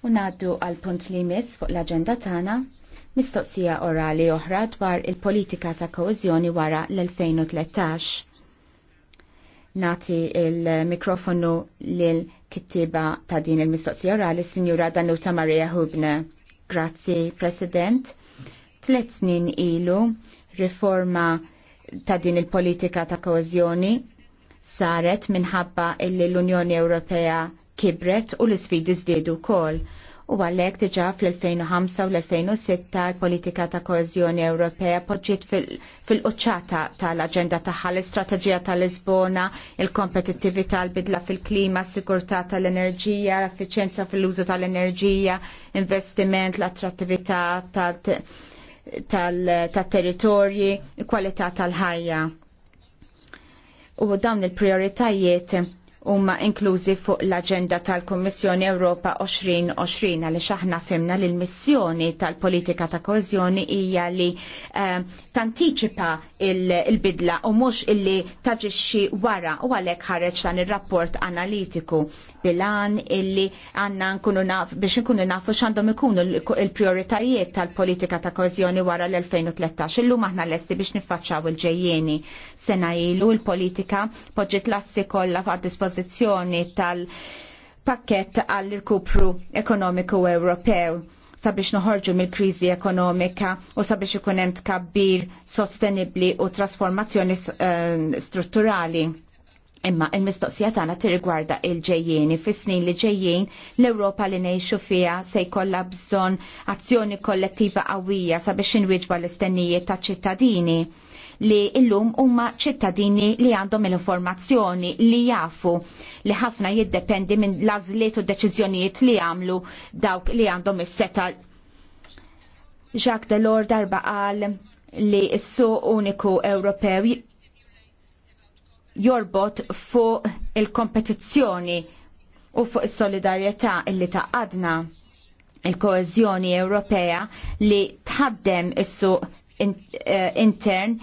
U naddu għal punt li mis fuq l-agenda tagħna mistoqsija orali oħra dwar il-politika ta' koeżjoni wara l-2013. Nati il-mikrofonu lil kittiba ta' din il-mistoqsija orali Sinjura Danuta Maria Hubne. Grazzi, President. Tlet snin ilu riforma ta' din il-politika ta' koeżjoni saret minħabba illi l-Unjoni Ewropea kibret u l-sfidi żdiedu wkoll. U għallek diġa fl-2005 u l-2006 l-politika ta' koezjoni Ewropea poġġiet fil-qċata tal-agenda tagħha l-istrateġija tal-Lisbona, il-kompetittività l-bidla fil-klima, s-sigurtà tal-enerġija, l-effiċenza fil-użu tal-enerġija, investiment, l-attrattività tal-territorji, kwalità tal-ħajja. U dawn il-prioritajiet huma inklużi fuq l-aġenda tal-Kummissjoni Ewropa 2020 għaliex aħna fimna li l-missjoni tal-politika ta' koeżjoni hija li eh, tantiċipa il-bidla u mhux illi taġixxi wara u għalhekk ħareġ dan ir-rapport analitiku bilan illi għandna nkunu naf biex nkunu nafu x'għandhom ikunu il-prioritajiet tal-politika ta' koeżjoni wara l-2013 illum aħna lesti biex niffaċċaw il-ġejjieni. Sena ilu il-politika poġġiet lassi kollha pożizzjoni tal-pakket għall-irkupru ekonomiku Ewropew sabiex noħorġu mill-kriżi ekonomika u sabiex ikun hemm tkabbir sostenibbli u trasformazzjoni eh, strutturali. Imma il-mistoqsija tagħna tirrigwarda il-ġejjieni fis-snin li ġejjin l-Ewropa li ngħixu fiha se jkollha bżonn azzjoni kollettiva qawwija sabiex inwieġba l-istennijiet taċ-ċittadini li illum huma ċittadini li għandhom l-informazzjoni li jafu li ħafna jiddependi minn lażliet u deċiżjonijiet li għamlu dawk li għandhom is-seta. Jacques Delors darba qal li s-suq uniku Ewropew jorbot fuq il-kompetizzjoni u fuq is-solidarjetà li taqadna il-koezjoni Ewropea li tħaddem is-suq Eh, intern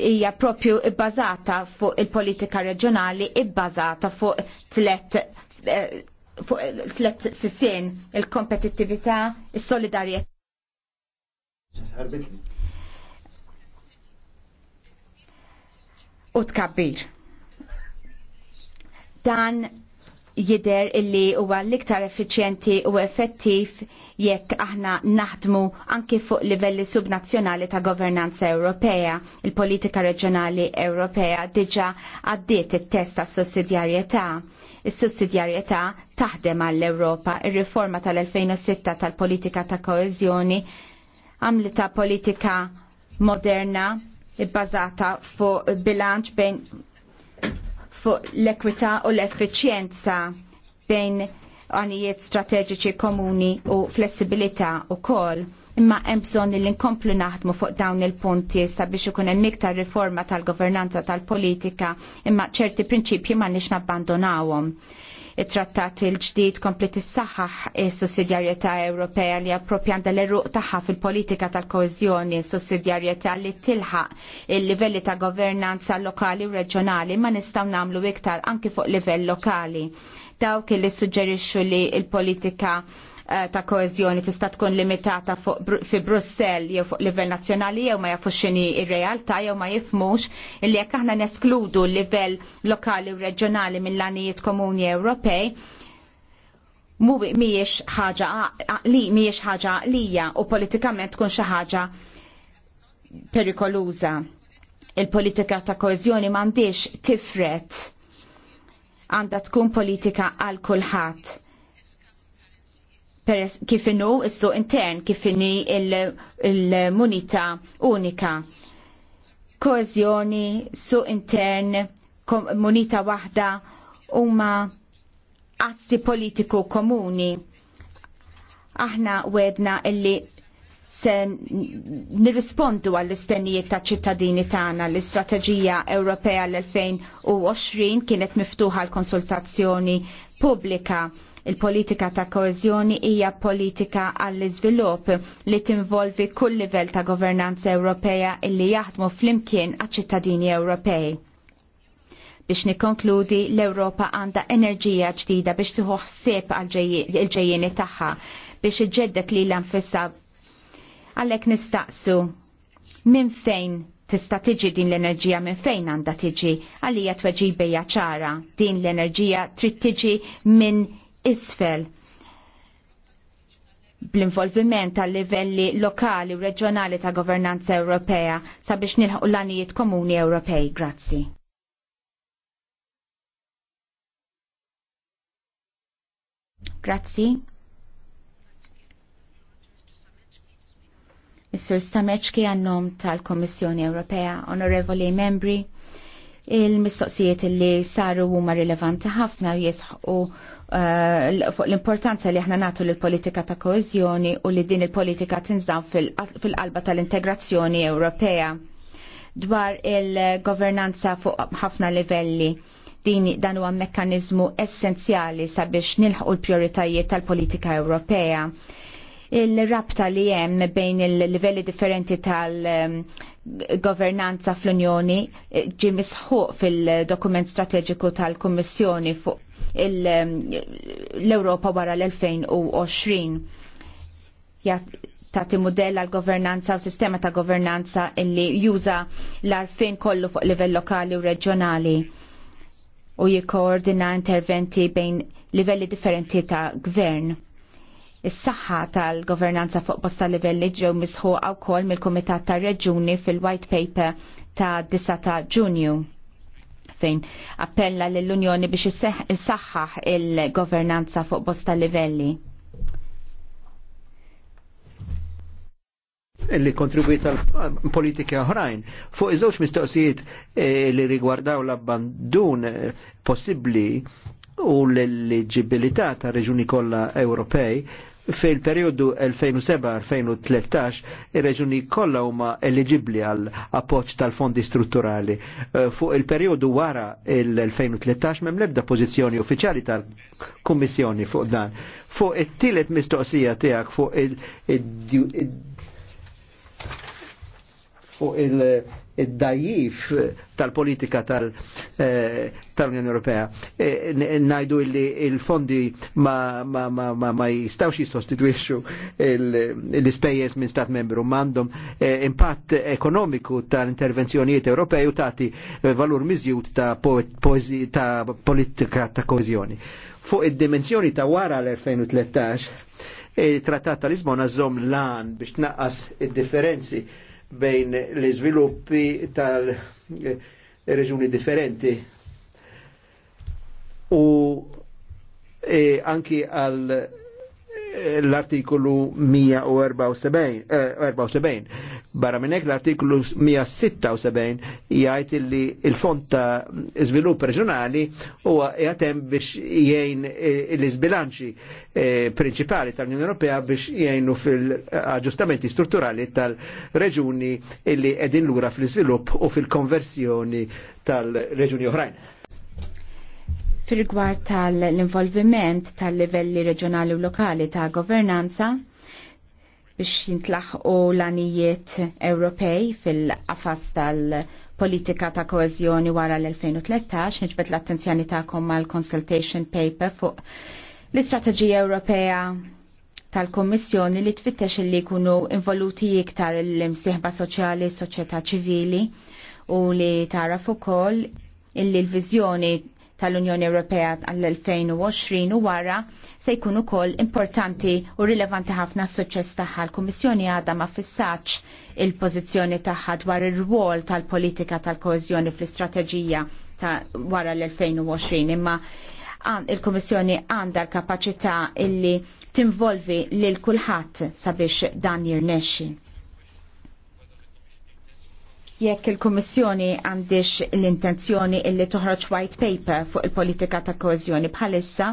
hija propju bbażata fuq il-politika reġjonali bbażata fuq tlet eh, fuq tlet sisien il-kompetittività, il solidarjetà U tkabbir. Dan jider illi huwa l-iktar effiċjenti u effettiv jekk aħna naħdmu anki fuq livelli subnazzjonali ta' governanza Ewropea, il-politika reġjonali Ewropea diġa għaddiet it-test tas sussidjarjetà. Is-sussidjarjetà taħdem għall-Ewropa, ir-riforma tal-2006 tal-politika ta' koeżjoni għamlita politika moderna bbażata fuq bilanċ bejn fuq l-ekwità u l-effiċjenza bejn għanijiet strateġiċi komuni u flessibilità u kol. Imma hemm bżonn li nkomplu naħdmu fuq dawn il-punti sabiex ikun hemm iktar riforma tal-governanza tal-politika imma ċerti prinċipji ma nix nabbandonawhom it-trattat il-ġdid kompli tissaħħaħ is-sussidjarjetà Ewropea li appropjanda l-eruq tagħha fil-politika tal s sussidjarjetà li tilħaq il-livelli ta' governanza lokali u reġjonali ma nistgħu nagħmlu iktar anki fuq livell lokali. Dawk li suġġerixxu li l-politika Eh, ta' koezjoni tista' tkun limitata fi Brussell jew fuq livell nazzjonali jew ma jafux x'inhi ir-realtà jew ma jifmux illi jekk aħna neskludu livell lokali u reġjonali mill-għanijiet komuni Ewropej, miex ħaġa li miex ħaġa għaqlija u politikament tkun xi ħaġa perikoluża. Il-politika ta' koezjoni m'għandix tifret għandha tkun politika għal kulħadd kif inhu s-suq intern, kif inhi il-munita unika. Koezjoni, suq intern, munita waħda huma assi politiku komuni. Aħna wedna illi se nirrispondu għall-istennijiet ta' ċittadini tagħna l-Istrateġija Ewropea l-2020 kienet miftuħa l-konsultazzjoni pubblika Il-politika ta' koezjoni hija politika għall-iżvilupp li tinvolvi kull livell ta' governanza Ewropea illi jaħdmu flimkien għaċ-ċittadini Ewropej. Biex nikonkludi l-Ewropa għandha enerġija ġdida biex tieħu ħsieb għal ġejjini tagħha biex iġġeddet li l-anfissa għallek nistaqsu minn fejn tista' tiġi din l-enerġija minn fejn għandha tiġi għalija tweġibija ċara din l-enerġija trid tiġi minn isfel bl-involviment tal-livelli lokali u reġjonali ta' governanza Ewropea sabiex nilħu l-anijiet komuni Ewropej. Grazzi. Grazzi. Mr. Sameċki għannom tal-Komissjoni Ewropea, onorevoli membri, il-mistoqsijiet li saru huma rilevanti ħafna u jisħu Eh, l-importanza li aħna natu l-politika ta' koezjoni u li din il-politika tinżam fil-qalba tal-integrazzjoni Ewropea dwar il-governanza fuq ħafna livelli. Din dan huwa mekkaniżmu essenzjali sabiex nilħu l-prioritajiet tal-politika Ewropea. Il-rabta li hemm bejn il-livelli differenti tal- governanza fl-Unjoni ġi misħuq fil-dokument strateġiku tal kummissjoni fuq l-Europa wara l-2020. Tati modella għal governanza u sistema ta' governanza illi juża l-arfin kollu fuq livell lokali u reġjonali u jikkoordina interventi bejn livelli differenti ta' gvern is-saħħa tal-governanza fuq bosta livelli ġew misħuqa wkoll mill-Kumitat tar-Reġuni fil-White Paper ta' 9 ta' Ġunju fejn appella lill-Unjoni biex issaħħaħ il-governanza fuq bosta livelli. li kontribuit għal politika oħrajn. Fuq iż-żewġ mistoqsijiet eh, li rigwardaw l-abbandun eh, possibbli u l-eligibilità ta' reġuni kollha Ewropej, Fil-periodu 2007-2013 ir-reġuni kollha huma eligibbli għal appoġġ tal-fondi strutturali. Eh, fuq il-periodu wara il-2013 mem lebda pozizjoni pożizzjoni uffiċjali tal-Kummissjoni fuq dan. Fuq it-tielet mistoqsija tiegħek fuq il fuq il-dajjif tal-politika tal-Unjoni Ewropea. Najdu illi il-fondi ma jistawx jistostituixxu l-ispejjeż minn stat membru mandom impatt ekonomiku tal-intervenzjonijiet Ewropej u tagħti valur miżjud ta' politika ta' kożjoni. Fuq id-dimensjoni ta' wara l-2013, il-Trattat ta' Lisbona żomm lan biex tnaqqas id-differenzi bejn li sviluppi tal-reġuni eh, differenti. U e anki għal l-artikolu 174 eh, barra minnek l-artikolu 176 jgħajt li il-fond ta' svilupp reġjonali huwa jgħatem biex jgħin eh, l-izbilanċi eh, principali tal-Unjoni Ewropea biex jgħinu fil-aġustamenti strutturali tal-reġuni illi edin lura fil-svilupp u fil-konversjoni tal-reġuni oħrajn fil gwart tal-involviment tal-livelli reġjonali u lokali ta' governanza biex jintlaħqu l-anijiet Ewropej fil-qafas tal-politika ta' koezjoni wara l-2013, nġbet l-attenzjoni ta'kom mal-consultation paper fuq l-Istrateġija Ewropea tal-Kommissjoni li tfittex li jkunu involuti iktar l-imsieħba soċjali, soċjetà ċivili u li taraf ukoll illi l-viżjoni tal-Unjoni Ewropea għall-2020 u wara se jkun ukoll importanti u rilevanti ħafna s-suċċess tagħha. L-Kummissjoni għadha ma fissax il-pożizzjoni tagħha dwar ir-rwol tal-politika tal koezjoni fl-istrateġija ta' wara l-2020 imma il-Komissjoni għandha l-kapacità illi tinvolvi lil kulħadd sabiex dan jirnexxi. Jekk il-Kommissjoni għandix l-intenzjoni illi toħroġ white paper fuq il-politika ta' koezjoni bħalissa,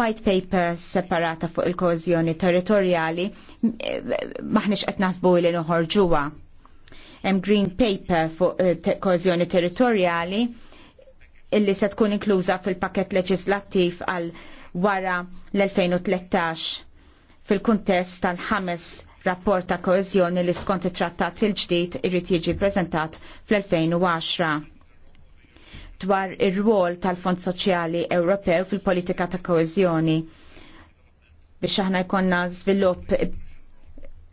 white paper separata fuq il-koezjoni territorjali maħniex qed naħsbu li noħorġuha. Hemm green paper fuq eh, koezjoni territorjali illi se tkun inkluża fil-pakket leġislattiv għal wara l-2013 fil-kuntest tal-ħames rapport ta' koezjoni li skont it-trattat il-ġdid irrid jiġi preżentat fl-2010 dwar ir-rwol tal-Fond Soċjali Ewropew fil-politika ta' koezjoni biex aħna jkollna żvilupp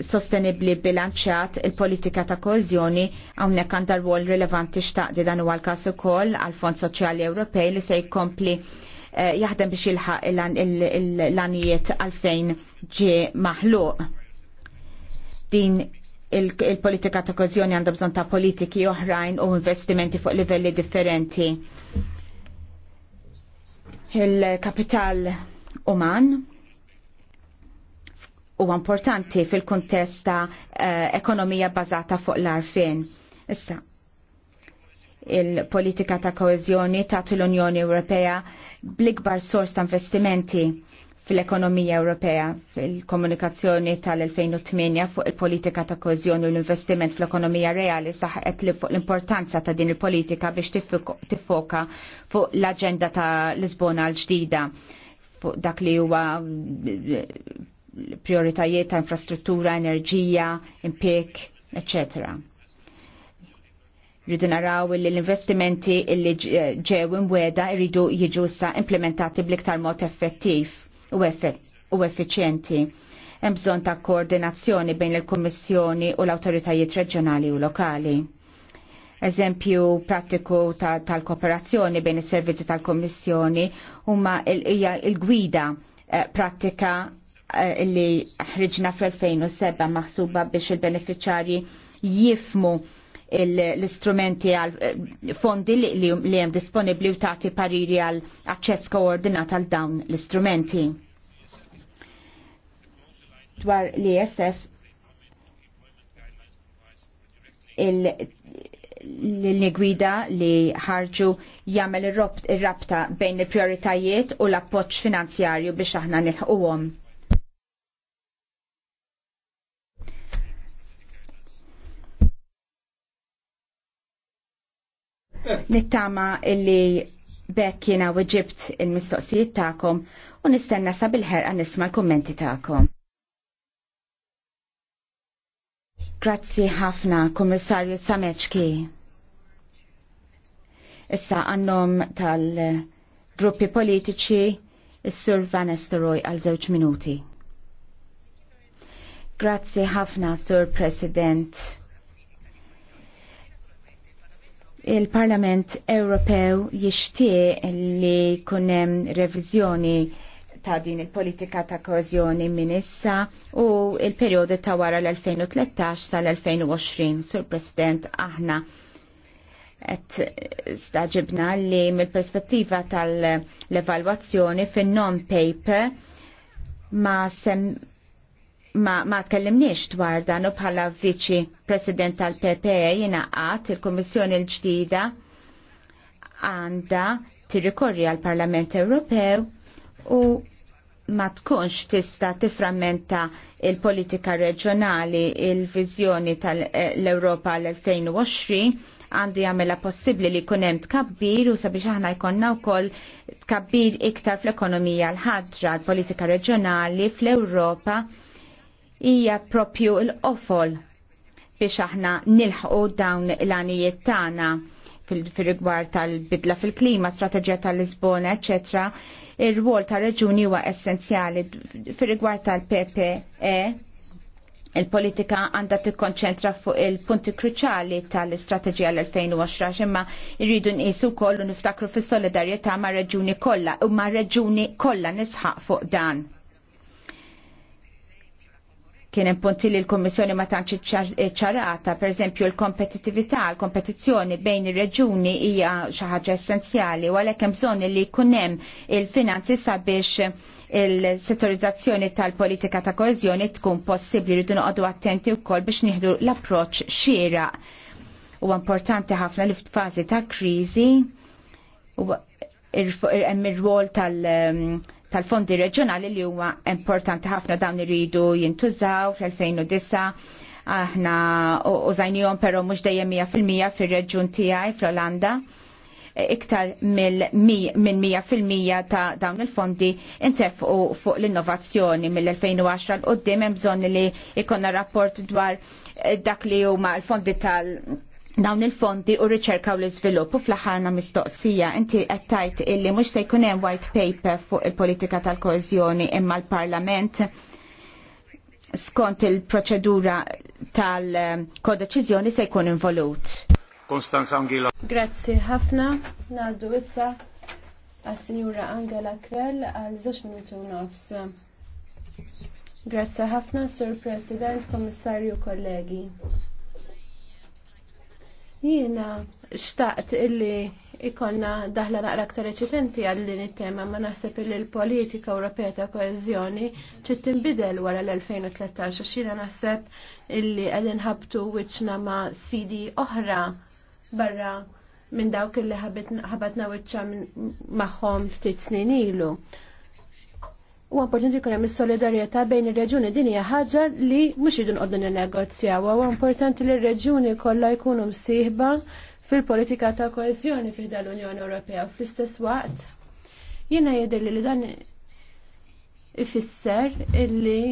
sostenibli bilanċjat il-politika ta' koezjoni hawnhekk għandha rwol rilevanti xtaqdi dan huwa l-każ ukoll għal Fond Soċjali Ewropej li se jkompli eh, jaħdem biex jilħaq l għal għalfejn ġie maħluq din il-politika ta' kozjoni għandha bżonn ta' politiki oħrajn u investimenti fuq livelli differenti. Il-kapital uman huwa importanti fil-kuntest ta' eh, ekonomija bazata fuq l-arfin. Issa, il-politika ta' koezjoni ta' l-Unjoni Ewropea bl-ikbar sors ta' investimenti fil-ekonomija Ewropea fil-komunikazzjoni tal-2008 fuq il-politika ta' kozjoni u l-investiment fl-ekonomija reali saħqet li fuq l-importanza ta' din il-politika biex tiffoka fuq l-agenda ta' Lisbona l-ġdida fuq dak li huwa prioritajiet ta' infrastruttura, enerġija, impiek, eccetera rridu naraw li l-investimenti li ġew imweda rridu jiġu sa implementati bl-iktar mod effettiv u effiċjenti. Hemm bżonn ta' koordinazzjoni bejn il-Kummissjoni u l-awtoritajiet reġjonali u lokali. Eżempju prattiku tal-kooperazzjoni bejn is-servizzi tal-Kummissjoni huma il-gwida pratika eh, prattika eh, li ħriġna fl-2007 maħsuba biex il-beneficjarji jifmu l-istrumenti għal eh, fondi li hemm disponibbli u tagħti pariri għal aċċess koordinat għal dawn l-istrumenti. Dwar l-ISF l-gwida li ħarġu jagħmel ir-rabta bejn il-prioritajiet u l-appoġġ finanzjarju biex aħna nilħquhom. Nittama illi bekk jina u ġibt il-mistoqsijiet ta'kom u nistenna sabil-ħerqa nisma l-kommenti ta'kom. Grazzi ħafna, Kommissarju Sameċki. Issa għannom tal-gruppi politiċi, Is-Sur Van Estoroj għal żewġ minuti. Grazzi ħafna, Sur President il-Parlament Ewropew jixtieq li kunem revizjoni ta' din il-politika ta' kozjoni minn issa u il-perjodu ta' wara l-2013 sal-2020. Sur President, aħna et staġibna li mill-perspettiva tal-evalwazzjoni fin non paper ma, sem, ma, ma tkellimniex dwar dan u bħala viċi president tal-PPE jinaqat il-Kommissjoni l-ġdida għanda tirrikorri għal-Parlament Ewropew u ma tkunx tista tiframmenta il-politika reġjonali il-vizjoni tal-Europa l-2020 għandu jagħmilha possibbli li jkun hemm tkabbir u sabiex aħna jkollna wkoll tkabbir iktar fl-ekonomija l-ħadra l-politika reġjonali fl-Ewropa fl ewropa hija propju l-qofol biex aħna nilħqu dawn l-għanijiet tagħna fil-rigward tal-bidla fil-klima, strateġija tal-Lisbona, eccetera, ir-rwol tal-reġuni huwa essenzjali fil-rigward tal-PPE, il-politika għandha tikkonċentra fuq il-punti kruċali tal-istrateġija l-2020 imma irridu nqisu wkoll u niftakru fis-solidarjetà ma' reġuni kollha u ma' reġuni kollha nisħaq fuq dan. Kien hemm punti li l-Kummissjoni ma tantx ċarata, pereżempju l-kompetittività, l-kompetizzjoni bejn ir-reġuni hija xi ħaġa essenzjali u għalhekk hemm bżonn li jkun hemm il-finanzi sabiex il-settorizzazzjoni tal-politika ta' koeżjoni tkun possibbli rridu noqogħdu attenti wkoll biex nieħdu l-approċċ xieraq. Huwa importanti ħafna li f'fażi ta' kriżi hemm ir-rwol tal- um, tal-fondi reġjonali li huma importanti ħafna dawn iridu jintużaw fl-2009 aħna użajnijom pero mhux dejjem 100% fir-reġjun tiegħi fl-Olanda e, iktar minn 100% ta' dawn il-fondi intefqu fuq l-innovazzjoni mill-2010 l-qoddim hemm bżonn li jkollna rapport dwar e, dak li huma l-fondi tal- dawn il-fondi u riċerka u l-izvilupp u fl-ħarna mistoqsija inti għattajt illi mux se jkun hemm white paper fuq il-politika tal-koezjoni imma l-parlament skont il-proċedura tal-kodeċizjoni se jkun involut. Konstanza Angela. Grazzi ħafna. Naddu issa għas-Sinjura Angela Krell għal zoċ minuti u nofs. Grazzi ħafna, Sur President, Komissarju, kollegi. Jiena xtaqt illi ikonna daħla naqra aktar eċitenti għal din it-tema ma naħseb illi l-politika Ewropea ta' koeżjoni ċit tinbidel wara l-2013 xina naħseb illi għallin ħabtu wiċċna ma' sfidi oħra barra minn dawk illi ħabatna wiċċa magħhom ftit snin ilu. U importanti jkun hemm is-solidarjetà bejn ir-reġuni din hija ħaġa li mhux irridu nqogħdu ninnegozjaw. Huwa importanti li r-reġuni kollha jkunu msieħba fil-politika ta' koeżjoni fih l-Unjoni Ewropea fl-istess waqt. Jiena jidher li dan ifisser illi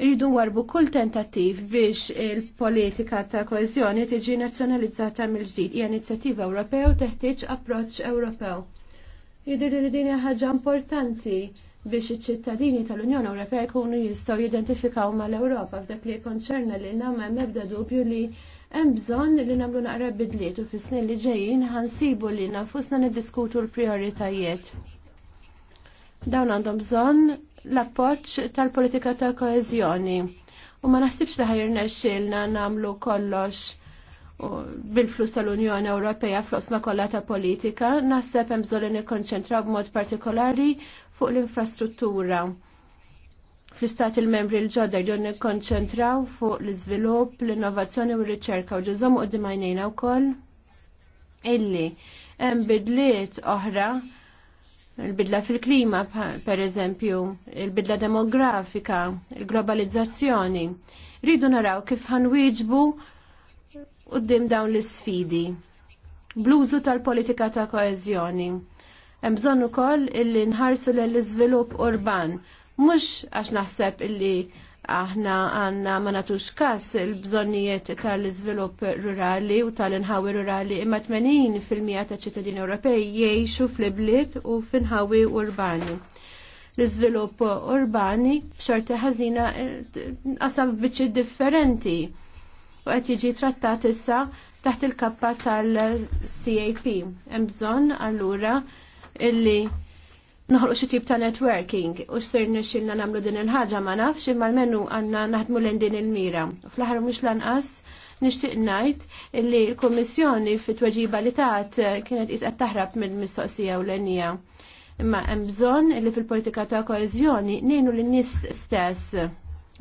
rridu warbu kull tentattiv biex il-politika ta' koeżjoni tiġi nazzjonalizzata mill-ġdid. Hija inizjattiva Ewropew teħtieġ approċċ Ewropew. Jidher li din hija ħaġa importanti biex iċ-ċittadini tal-Unjoni Ewropea jkunu jistgħu jidentifikaw mal-Ewropa f'dak li jkonċerna li hemm ebda dubju li hemm bżonn li nagħmlu naqra bidliet u fis-snin li ġejjin ħansibu li nafusna niddiskutu l prijoritajiet Dawn għandhom bżonn l-appoġġ tal-politika tal koeżjoni u ma naħsibx li ħajrna xilna nagħmlu kollox bil-flus tal-Unjoni Ewropea flosma kollha ta' politika, naħseb hemm bżonn nikkonċentraw b'mod partikolari fuq l-infrastruttura. Fl-istat il-membri l-ġodda jdu nikkonċentraw fuq l-iżvilupp, l-innovazzjoni u r-riċerka u ġizom u d dimajnina u koll illi hemm bidliet oħra il-bidla fil-klima per eżempju, il-bidla demografika, il-globalizzazzjoni. Rridu naraw kif ħanwieġbu dim dawn l-isfidi. Bluzu tal-politika ta' koeżjoni. Hemm bżonn ukoll illi nħarsu lill iżvilupp urban. Mhux għax naħseb illi aħna għanna ma nagħtux kas il-bżonnijiet tal-iżvilupp rurali u tal-inħawi rurali imma 80% ta' ċittadini Ewropej jgħixu fl-ibliet u f'inħawi urbani. L-iżvilupp urbani f'xorti ħażina eh, qasam biċċiet differenti u qed jiġi trattat issa taħt il-kappa tal-CAP. Hemm bżonn allura illi noħolqu xi tip ta' networking u s sirni nixilna nagħmlu din il-ħaġa ma nafx imma l-menu għandna naħdmu lejn din il-mira. Fl-aħħar mhux lanqas nixtieq ngħid illi l-Kummissjoni fit-tweġiba li tat eh, kienet qisqed taħrab mill-mistoqsija u l enija imma hemm bżonn li fil-politika ta' koezjoni nienu lin-nies stess.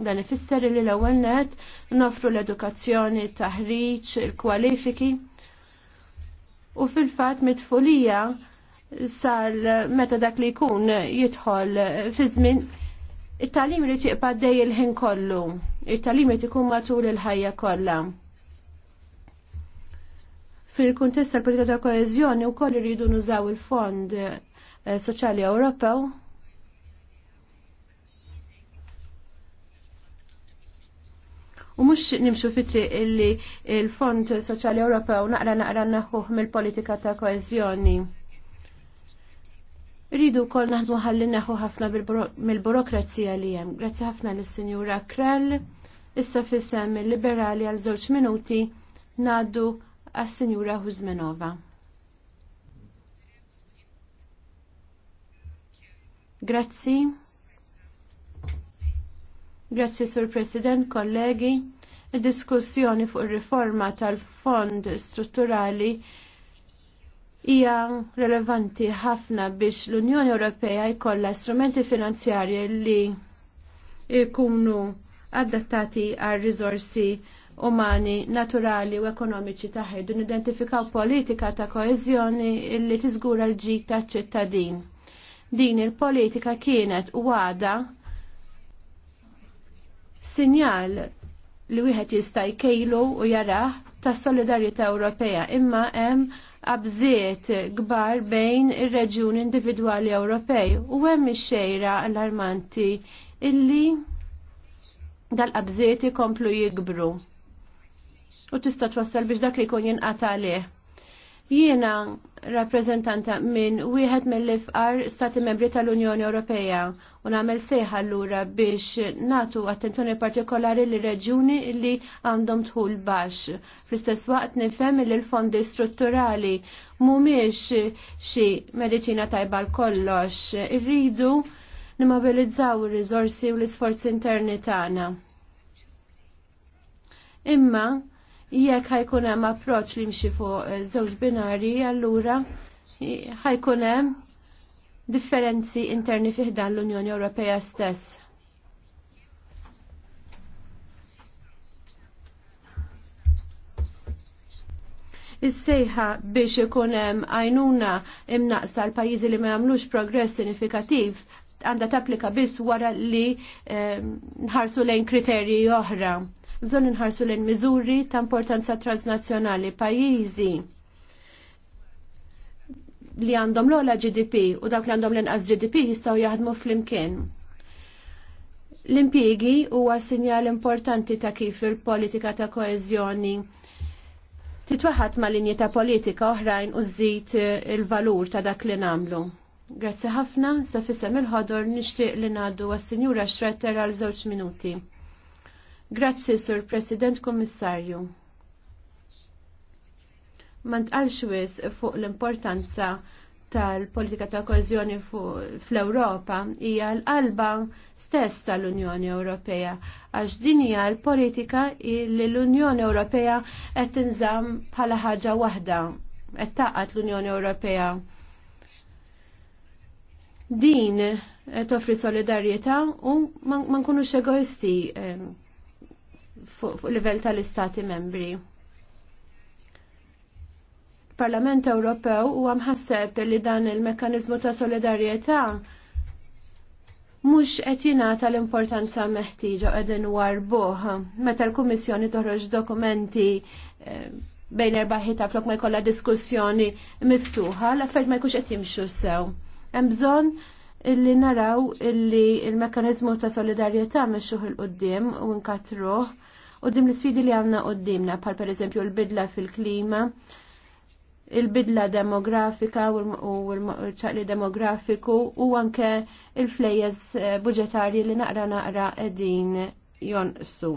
Dan ifisser li l-ewwel net nofru l-edukazzjoni, taħriġ, il-kwalifiki. U fil-fatt mitfulija sal meta dak li jkun jidħol fi żmien it tagħlim irid tiqpa dej il-ħin kollu, it tagħlim irid ikun matul il-ħajja kollha. Fil-kuntest tal-politika ta' koeżjoni wkoll iridu nużaw il-Fond eh, Soċjali Ewropew U mux nimxu fitri illi il-Fond Soċjali Ewropew naqra naqra naħuħ mill-politika ta' koeżjoni. Rridu kol naħdmu ħalli neħu ħafna mill-burokrazija li jem. Grazzi ħafna l sinjura Krell. Issa fissem il-liberali għal żewġ minuti ngħaddu għas sinjura Huzmenova. Grazzi. Grazzi, Sur President, kollegi. Diskussjoni fuq ir-riforma tal-Fond Strutturali hija relevanti ħafna biex l-Unjoni Ewropea jkollha strumenti finanzjarji li jkunu adattati għal riżorsi umani, naturali u ekonomiċi ta' dun identifikaw politika ta' koezjoni illi tiżgura l-ġid ta' ċittadin. Din il-politika kienet u għada sinjal li wieħed jista' jkejlu u jarah tas solidarjetà Ewropea imma hemm abżiet kbar bejn ir-reġjuni individwali Ewropej u hemm ix-xejra allarmanti illi dal-qabżiet ikomplu jikbru. U tista' twassal biex dak li jkun jinqata' Jiena rappreżentanta minn wieħed mill-ifqar stati membri tal-Unjoni Ewropea u nagħmel sejħa allura biex natu attenzjoni partikolari li reġuni li għandhom tħul baxx. Fl-istess waqt nifhem li l-fondi strutturali mhumiex xi mediċina tajba l-kollox. Irridu nimmobilizzaw ir-riżorsi u l-isforzi interni tagħna. Imma jekk ħajkun hemm approċċ li mxi fuq eh, żewġ binari, allura ħajkun hemm differenzi interni fih dan l-Unjoni Ewropea stess. Is-sejħa biex ikun hemm għajnuna imnaqsa l-pajjiżi li ma jagħmlux progress sinifikattiv għandha tapplika biss wara li eh, nħarsu lejn kriterji oħra bżonn inħarsu lejn miżuri ta' importanza transnazzjonali pajjiżi li għandhom l-ola GDP u dawk li għandhom l-inqas GDP jistgħu jaħdmu flimkien. L-impjiegi huwa sinjal importanti ta' kif il-politika ta' koeżjoni titwaħat ma' linji ta' politika oħrajn u żid il-valur ta' dak li nagħmlu. Grazzi ħafna, sa' fissem il-ħodor nixtieq li ngħaddu għas-Sinjura Shretter għal żewġ minuti. Grazzi, Sur President Kommissarju. Ma tqalx wis fuq l-importanza tal-politika ta' koezjoni fl-Ewropa hija l-qalba stess tal-Unjoni Ewropea għax din hija l-politika li l-Unjoni Ewropea qed tinżamm bħala ħaġa waħda qed taqgħet l-Unjoni Ewropea. Din toffri solidarjetà u ma nkunux egoisti fuq livell tal-istati membri. Parlament Ewropew huwa mħasseb li dan il mekanizmu ta' solidarjetà mhux qed jingħata l-importanza meħtieġa qegħdin warbuh meta l-Kummissjoni toħroġ dokumenti eh, bejn erbaħita flok ma jkollha diskussjoni miftuħa, l-affarijiet ma jkux qed jimxu sew. Hemm bżonn illi naraw illi il mekanizmu ta' solidarjetà mexxuh il qoddim u nkatruh Qoddim l-sfidi li għandna qoddimna per pereżempju l-bidla fil-klima, il-bidla demografika u l-ċaqli demografiku u anke il flejjeż eh, budġetarji li naqra naqra edin jonqsu.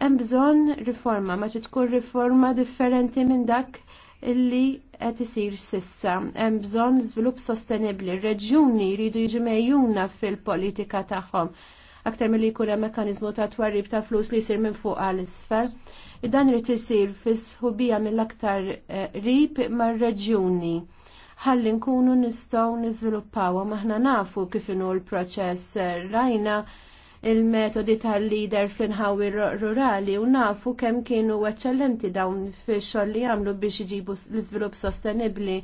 Hemm bżonn riforma, ma tkun riforma differenti minn dak illi qed isir sissa. Hemm bżonn żvilupp sostenibbli. reġjuni jridu jiġu mejjuna fil-politika tagħhom aktar mill-li jkun hemm mekkaniżmu ta' twarrib ta' flus li jsir minn fuq għal isfel. Dan irid isir fis-ħubija mill-aktar eh, rib mar-reġjuni ħalli nkunu nistgħu niżviluppaw maħna nafu kif inhu l-proċess eh, rajna il-metodi tal-lider fl-inħawi rurali u nafu kemm kienu eċċellenti dawn fix-xogħol li jagħmlu biex iġibu l-iżvilupp sostenibbli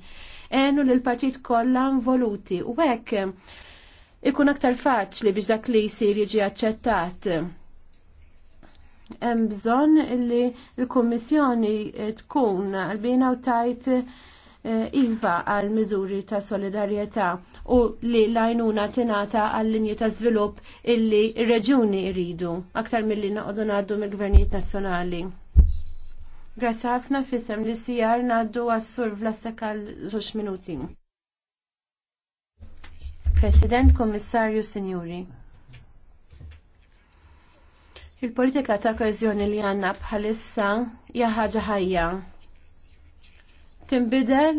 enu l partit kollha involuti u hekk ikun aktar faċli biex dak li jsir jiġi aċċettat. Hemm bżonn li l-Kummissjoni tkun għalbina u tajt eh, iva għal miżuri ta' solidarjetà u li lajnuna tingħata għal linji ta' żvilupp illi r-reġuni jridu aktar milli naqogħdu ngħaddu mill-gvernijiet nazzjonali. Grazzi ħafna fisem li sijar ngħaddu għas-sur vlasek għal żewġ minuti. President, Kummissarju Sinjuri. Il-politika ta' koeżjoni li għanna bħalissa hija ħaġa ħajja. Timbidel,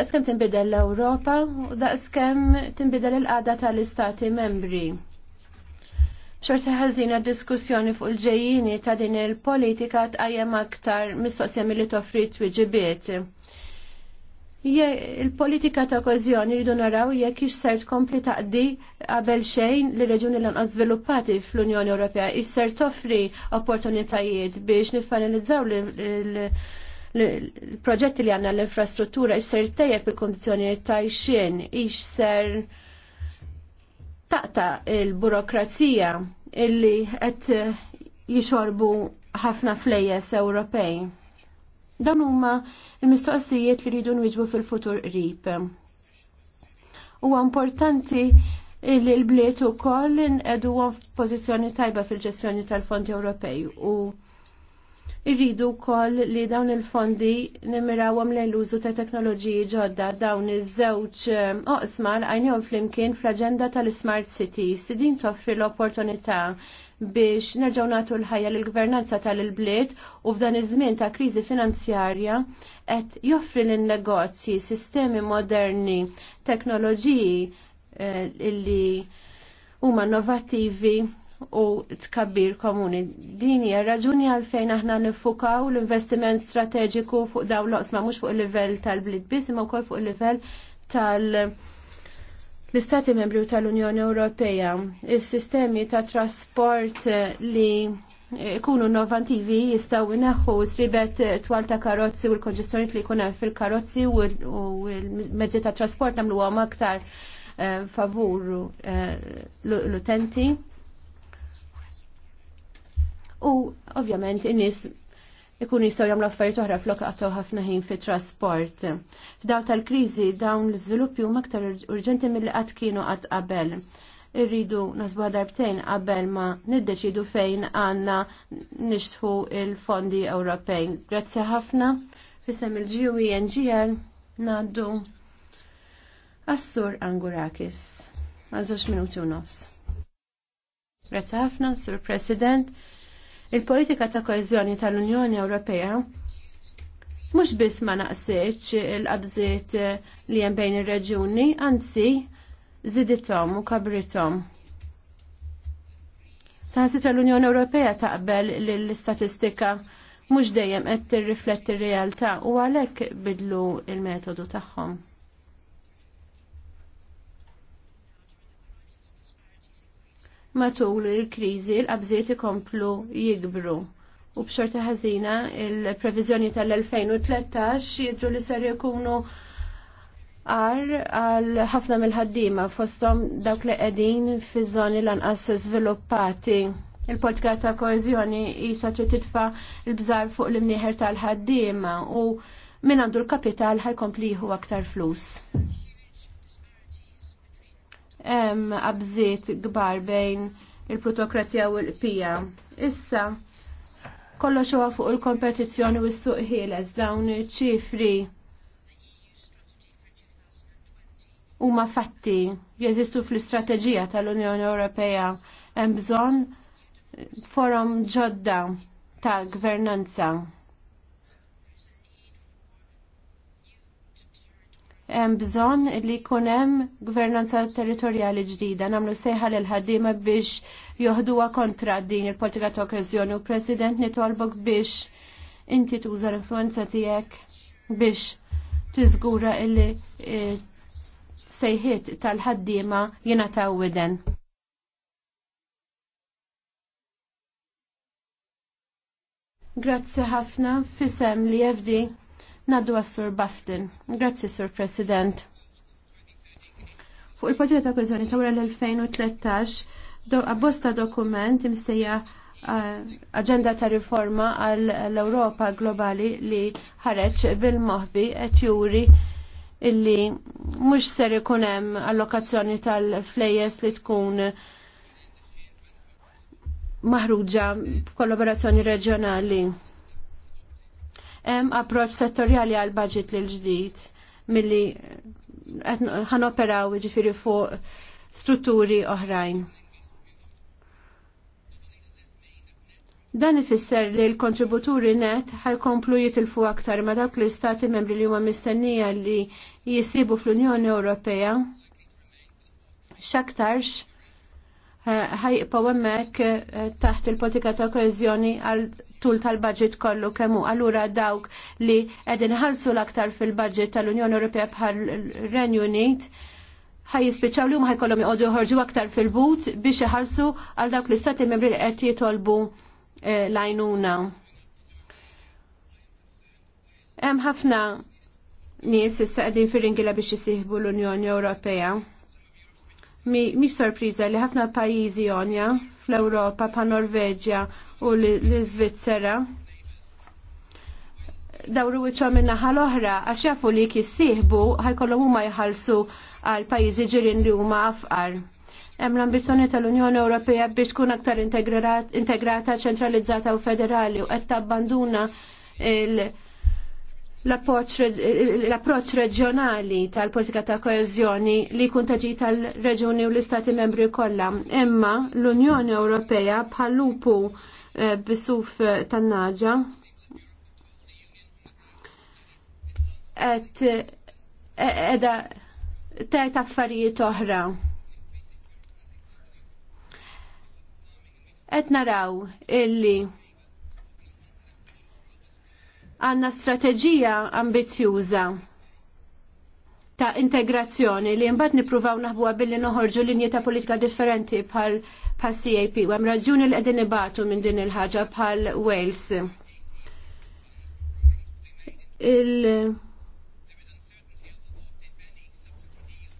daqskemm timbidel l-Ewropa u daqskemm timbidel il-qagħda tal-istati membri. Xorta ħażina diskussjoni fuq il-ġejjini ta' din il-politika tqajjem aktar mistoqsija milli toffri twiġibiet il-politika ta' kozjoni rridu naraw jekk ix ser tkompli taqdi qabel xejn li reġuni lanqas żviluppati fl-Unjoni Ewropea ix ser toffri opportunitajiet biex nifanalizzaw l-proġetti li għandna l-infrastruttura ix ser tejjeb il kundizzjonijiet ta' xejn ix ser taqta il-burokrazija illi qed jixorbu ħafna flejjes Ewropej. Dawn huma l-mistoqsijiet li rridu nwiġbu fil-futur qrib. Huwa importanti li l-bliet ukoll f f'pożizzjoni tajba fil-ġestjoni tal-fondi Ewropej u Irridu wkoll li dawn il-fondi nimirawhom lejn l-użu ta' teknoloġiji ġodda dawn iż-żewġ ehm, oqsma għajnejhom flimkien fl-aġenda tal-Smart Cities. Din toffri l-opportunità biex nerġgħu nagħtu l-ħajja lill-gvernanza tal-bliet u f'dan iż-żmien ta' kriżi finanzjarja qed joffri l negozji sistemi moderni, teknoloġiji eh, illi huma innovattivi u tkabbir komuni. Din hija raġuni għalfejn aħna nifukaw l-investiment strateġiku fuq daw l-oqsma mhux fuq il-livell tal-bliet biss imma wkoll fuq il-livell tal- l-Istati membri tal-Unjoni Ewropea. Is-sistemi ta' trasport li jkunu innovativi jistaw inaħu sribet twal ta' karozzi u l-konġestjoni li jkunu fil-karozzi u l-mezzi ta' trasport nagħmluhom aktar eh, favur eh, l-utenti u ovvjament in-nies ikun jistgħu jagħmlu affarijiet oħra flok għattu ħafna ħin fit-trasport. F'daw tal-kriżi dawn l-iżviluppi huma aktar urġenti milli qatt kienu qatt qabel. Irridu nasbu darbtejn qabel ma niddeċidu fejn għandna nixtħu il-fondi Ewropej. Grazzi ħafna fisem il-GUENGL ngħaddu Assur Angurakis. Għazox minuti u nofs. Grazie ħafna, Sur President. Il-politika ta' koezjoni tal-Unjoni Ewropea mhux biss ma naqsitx il-qabżiet li hemm bejn ir-reġjuni, anzi żidithom u kabrithom. Saħsitra l-Unjoni Ewropea taqbel li l-istatistika mhux dejjem qed tirrifletti r-realtà u għalhekk bidlu il-metodu tagħhom. matul il-kriżi l abżiet ikomplu jikbru. U b'xorta ħażina il-previżjoni tal-2013 jidru li ser jkunu għar għal ħafna mill-ħaddima fostom dawk li qegħdin fiż-żoni lanqas sviluppati. Il-politika ta' koezjoni jisa trid titfa' l-bżar fuq l-imnieħer tal-ħaddiema u min għandu l-kapital ħajkompli jieħu aktar flus hemm qabżiet kbar bejn il-plutokrazija u l-qpija. Issa kollox huwa fuq il-kompetizzjoni u s-suq ħieles dawn ċifri huma fatti jeżistu fl-istrateġija tal-Unjoni Ewropea hemm bżonn forum ġodda ta' gvernanza hemm bżonn li jkun hemm gvernanza territorjali ġdida, nagħmlu sejħa lil ħaddiema biex joħduha kontra din il-politika ta' okkażjoni u President nitolbok biex inti tuża l-influenza tiegħek biex tiżgura illi e, sejħiet tal-ħaddiema jingħataw widen. Grazzi ħafna fisem li jefdi. Naddu għas-Sur Baftin. Grazzi, Sur President. Fuq il-Poġġet ta' Kwiżjoni ta' wara l-2013, abbosta dokument imsejja Aġenda ta' riforma għall europa globali li ħareċ bil mohbi qed juri illi mhux ser ikun hemm allokazzjoni tal flejes li tkun maħruġa f'kollaborazzjoni reġjonali hemm approċċ settorjali għal budget lil ġdid milli operaw ġifiri fuq strutturi oħrajn. Dan ifisser li l-kontributuri net ħajkomplu jitilfu aktar ma dawk l-istati membri li huma mistennija li jisibu fl-Unjoni Ewropea xaktarx eh, ħajqpaw hemmhekk eh, taħt il-politika ta' koeżjoni għal tul tal-budget kollu kemmu. Allura dawk li qegħdin ħalsu l-aktar fil-budget tal-Unjoni Ewropea bħal Renju Unit ħaj jispiċaw li huma ħajkollhom jqogħdu joħorġu aktar fil-but biex iħallsu għal dawk l-istati membri li qed jitolbu eh, lajnuna. Hemm ħafna nies issa qegħdin fir-ringila biex isieħbu l-Unjoni Ewropea. Mi sorpriża li ħafna pajjiżi onja fl-Ewropa pa' Norveġja u l-Svizzera dawru wiċċa minna ħal oħra għax jafu li kissieħbu ħajkollhom huma jħallsu għal pajjiżi ġirin li huma afqar. Hemm l-ambizzjoni tal-Unjoni Ewropea biex tkun aktar integrata, ċentralizzata u federali u qed tabbanduna l-approċċ reġjonali tal-politika ta' koeżjoni li jkun taġi tal-reġuni u l-istati membri kollha. Imma l-Unjoni Ewropea bħal lupu Eh, bisuf eh, tan-naġa. Eh, edha tajt affarijiet oħra. Et naraw illi għanna strateġija ambizjuża ta' integrazzjoni li mbagħad nippruvaw naħbuha billi noħorġu linji ta' politika differenti bħal pa CAP u hemm raġuni li qegħdin ibatu minn din il-ħaġa bħal Wales. Il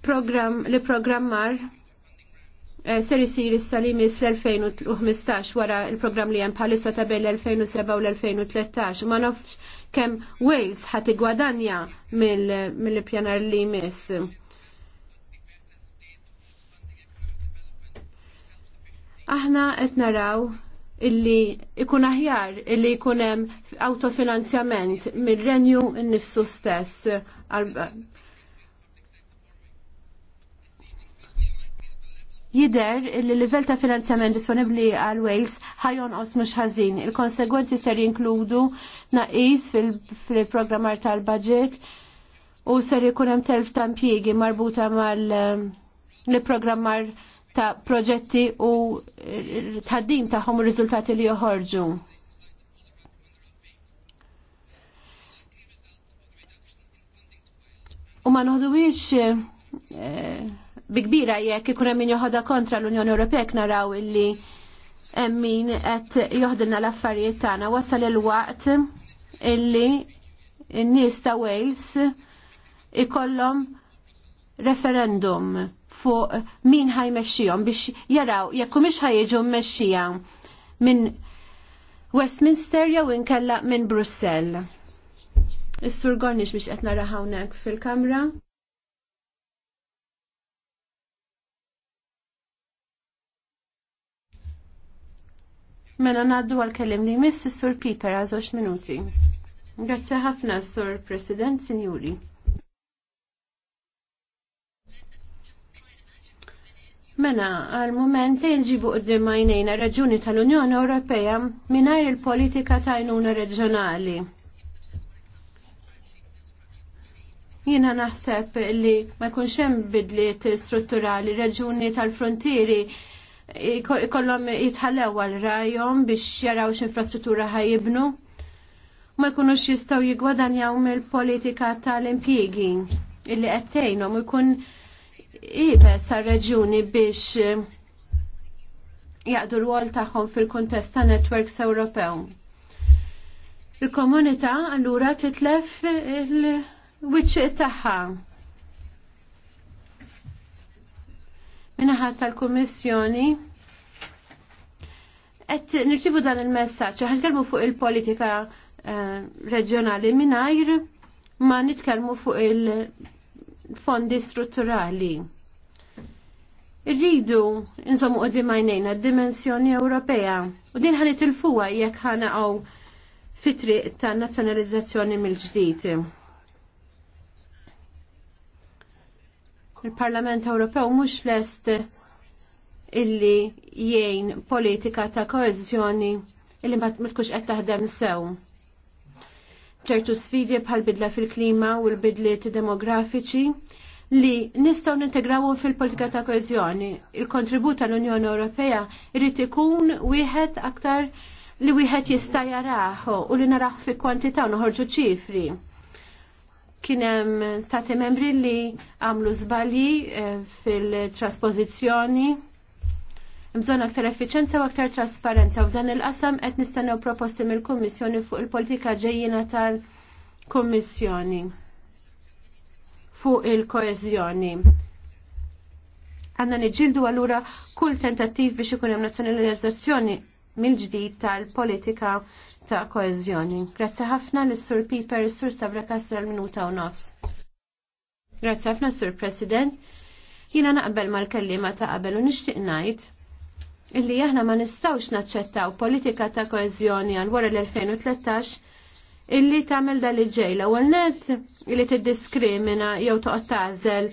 program li programmar eh, ser isir is-salimis fl-2015 wara il-programm li hemm bħalissa ta' bejn l-2007 u l-2013. Ma nafx kemm Wales ħat igwadanja mill-pjanar li jmiss. Aħna qed naraw illi ikun aħjar illi ikun hemm autofinanzjament mir-renju nnifsu stess jider li livell ta' finanzjament disponibbli għal Wales ħajon os mhux ħażin. Il-konsegwenzi ser jinkludu naqis fil-programmar tal-budget u ser jkun hemm telf ta' impjiegi marbuta mal-programmar ehm, ta' proġetti u tħaddim tagħhom u riżultati li joħorġu. U ma noħduwix eh, bikbira jekk ikun hemm min joħodha kontra l-Unjoni Ewropea jekk naraw illi hemm min qed joħdilna l-affarijiet tagħna wasal il-waqt illi n-nies ta' Wales ikollhom referendum fuq min ħajmexxihom biex jaraw jekk mhix ħajjiġu mmexxija minn Westminster jew inkella minn Brussell. Is-sur Gornix biex qed nara hawnhekk fil-kamra. Mela naddu għal-kellim li jmiss is-Sur Piper għal minuti. Grazzi ħafna, Sur President, Sinjuri. Mena, għal moment nġibu qoddim majnejna raġuni tal-Unjoni Ewropea mingħajr il-politika ta' għajnuna reġjonali. Jiena naħseb li ma jkunx hemm bidliet strutturali, raġuni tal-frontieri ikollhom jitħallew għal rajom biex jaraw x'infrastruttura ħajibnu. Ma jkunux jistgħu jigwadanjaw mill-politika tal-impjiegi illi qed tgħinhom ikun ibes għar reġuni biex eh, jaqdu l-wol tagħhom fil-kuntest ta' networks Ewropew. Il-komunità allura titlef il-wiċċ tagħha minnaħat tal-Kummissjoni qed nirċivu dan il-messaġġ kelmu fuq il-politika eh, reġjonali mingħajr ma nitkellmu fuq il-fondi strutturali. Irridu inżommu qudiem għajnejna d-dimensjoni Ewropea u din ħanit il-fuwa ħana għaw fitri tan nazzjonalizzazzjoni mill-ġdid. il-Parlament Ewropew mhux lest illi jgħin politika ta' koezjoni illi ma tkunx qed taħdem sew. ċertu sfidi bħal bidla fil-klima u l-bidliet demografiċi li nistgħu nintegrawhom fil-politika ta' koezjoni. Il-kontribut tal-Unjoni Ewropea irid ikun wieħed aktar li wieħed jista' jarah u li naraħ fi kwantità u noħorġu ċifri kienem stati membri li għamlu zbali eh, fil-trasposizjoni Mżon aktar effiċenza u aktar trasparenza u f'dan il-qasam qed nistennew proposti mill-Kummissjoni fuq il-politika ġejjina tal-Kummissjoni fuq il-koeżjoni. Għanna niġġieldu allura kull tentattiv biex ikun hemm nazzjonalizzazzjoni mill-ġdid tal-politika ta' koezjoni. Grazzi ħafna l sur Piper, sur Stavra Kassar minuta u nofs. Grazzi ħafna sur President. Jina naqbel mal-kellima ta' qabel u nixtieq ngħid illi aħna ma nistawx naċċettaw politika ta' koezjoni għal wara l-2013 illi tagħmel dal ġejla l net illi tiddiskrimina jew toqgħod tażel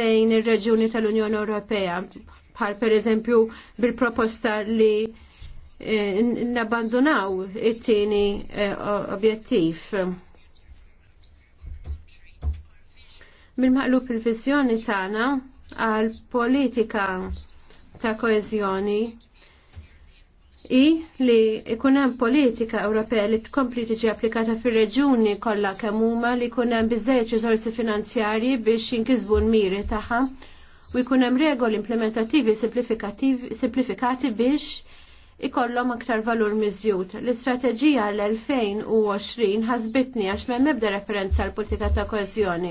bejn ir reġuni tal-Unjoni Ewropea bħal pereżempju bil-proposta li Eh, nabbandonaw it-tieni eh, objettiv. Mil-maqlub il-vizjoni tagħna għal politika ta' koeżjoni i li ikunem hemm politika Ewropea li tkompli tiġi applikata fir-reġuni kollha kemm huma li jkun hemm biżejjed riżorsi finanzjarji biex jinkisbu l-miri tagħha u jkun hemm regoli implementativi simplifikati biex ikollhom aktar valur miżjud. L-istrateġija l-2020 ħasbitni għax m'hemm ebda referenza għal politika ta' koeżjoni.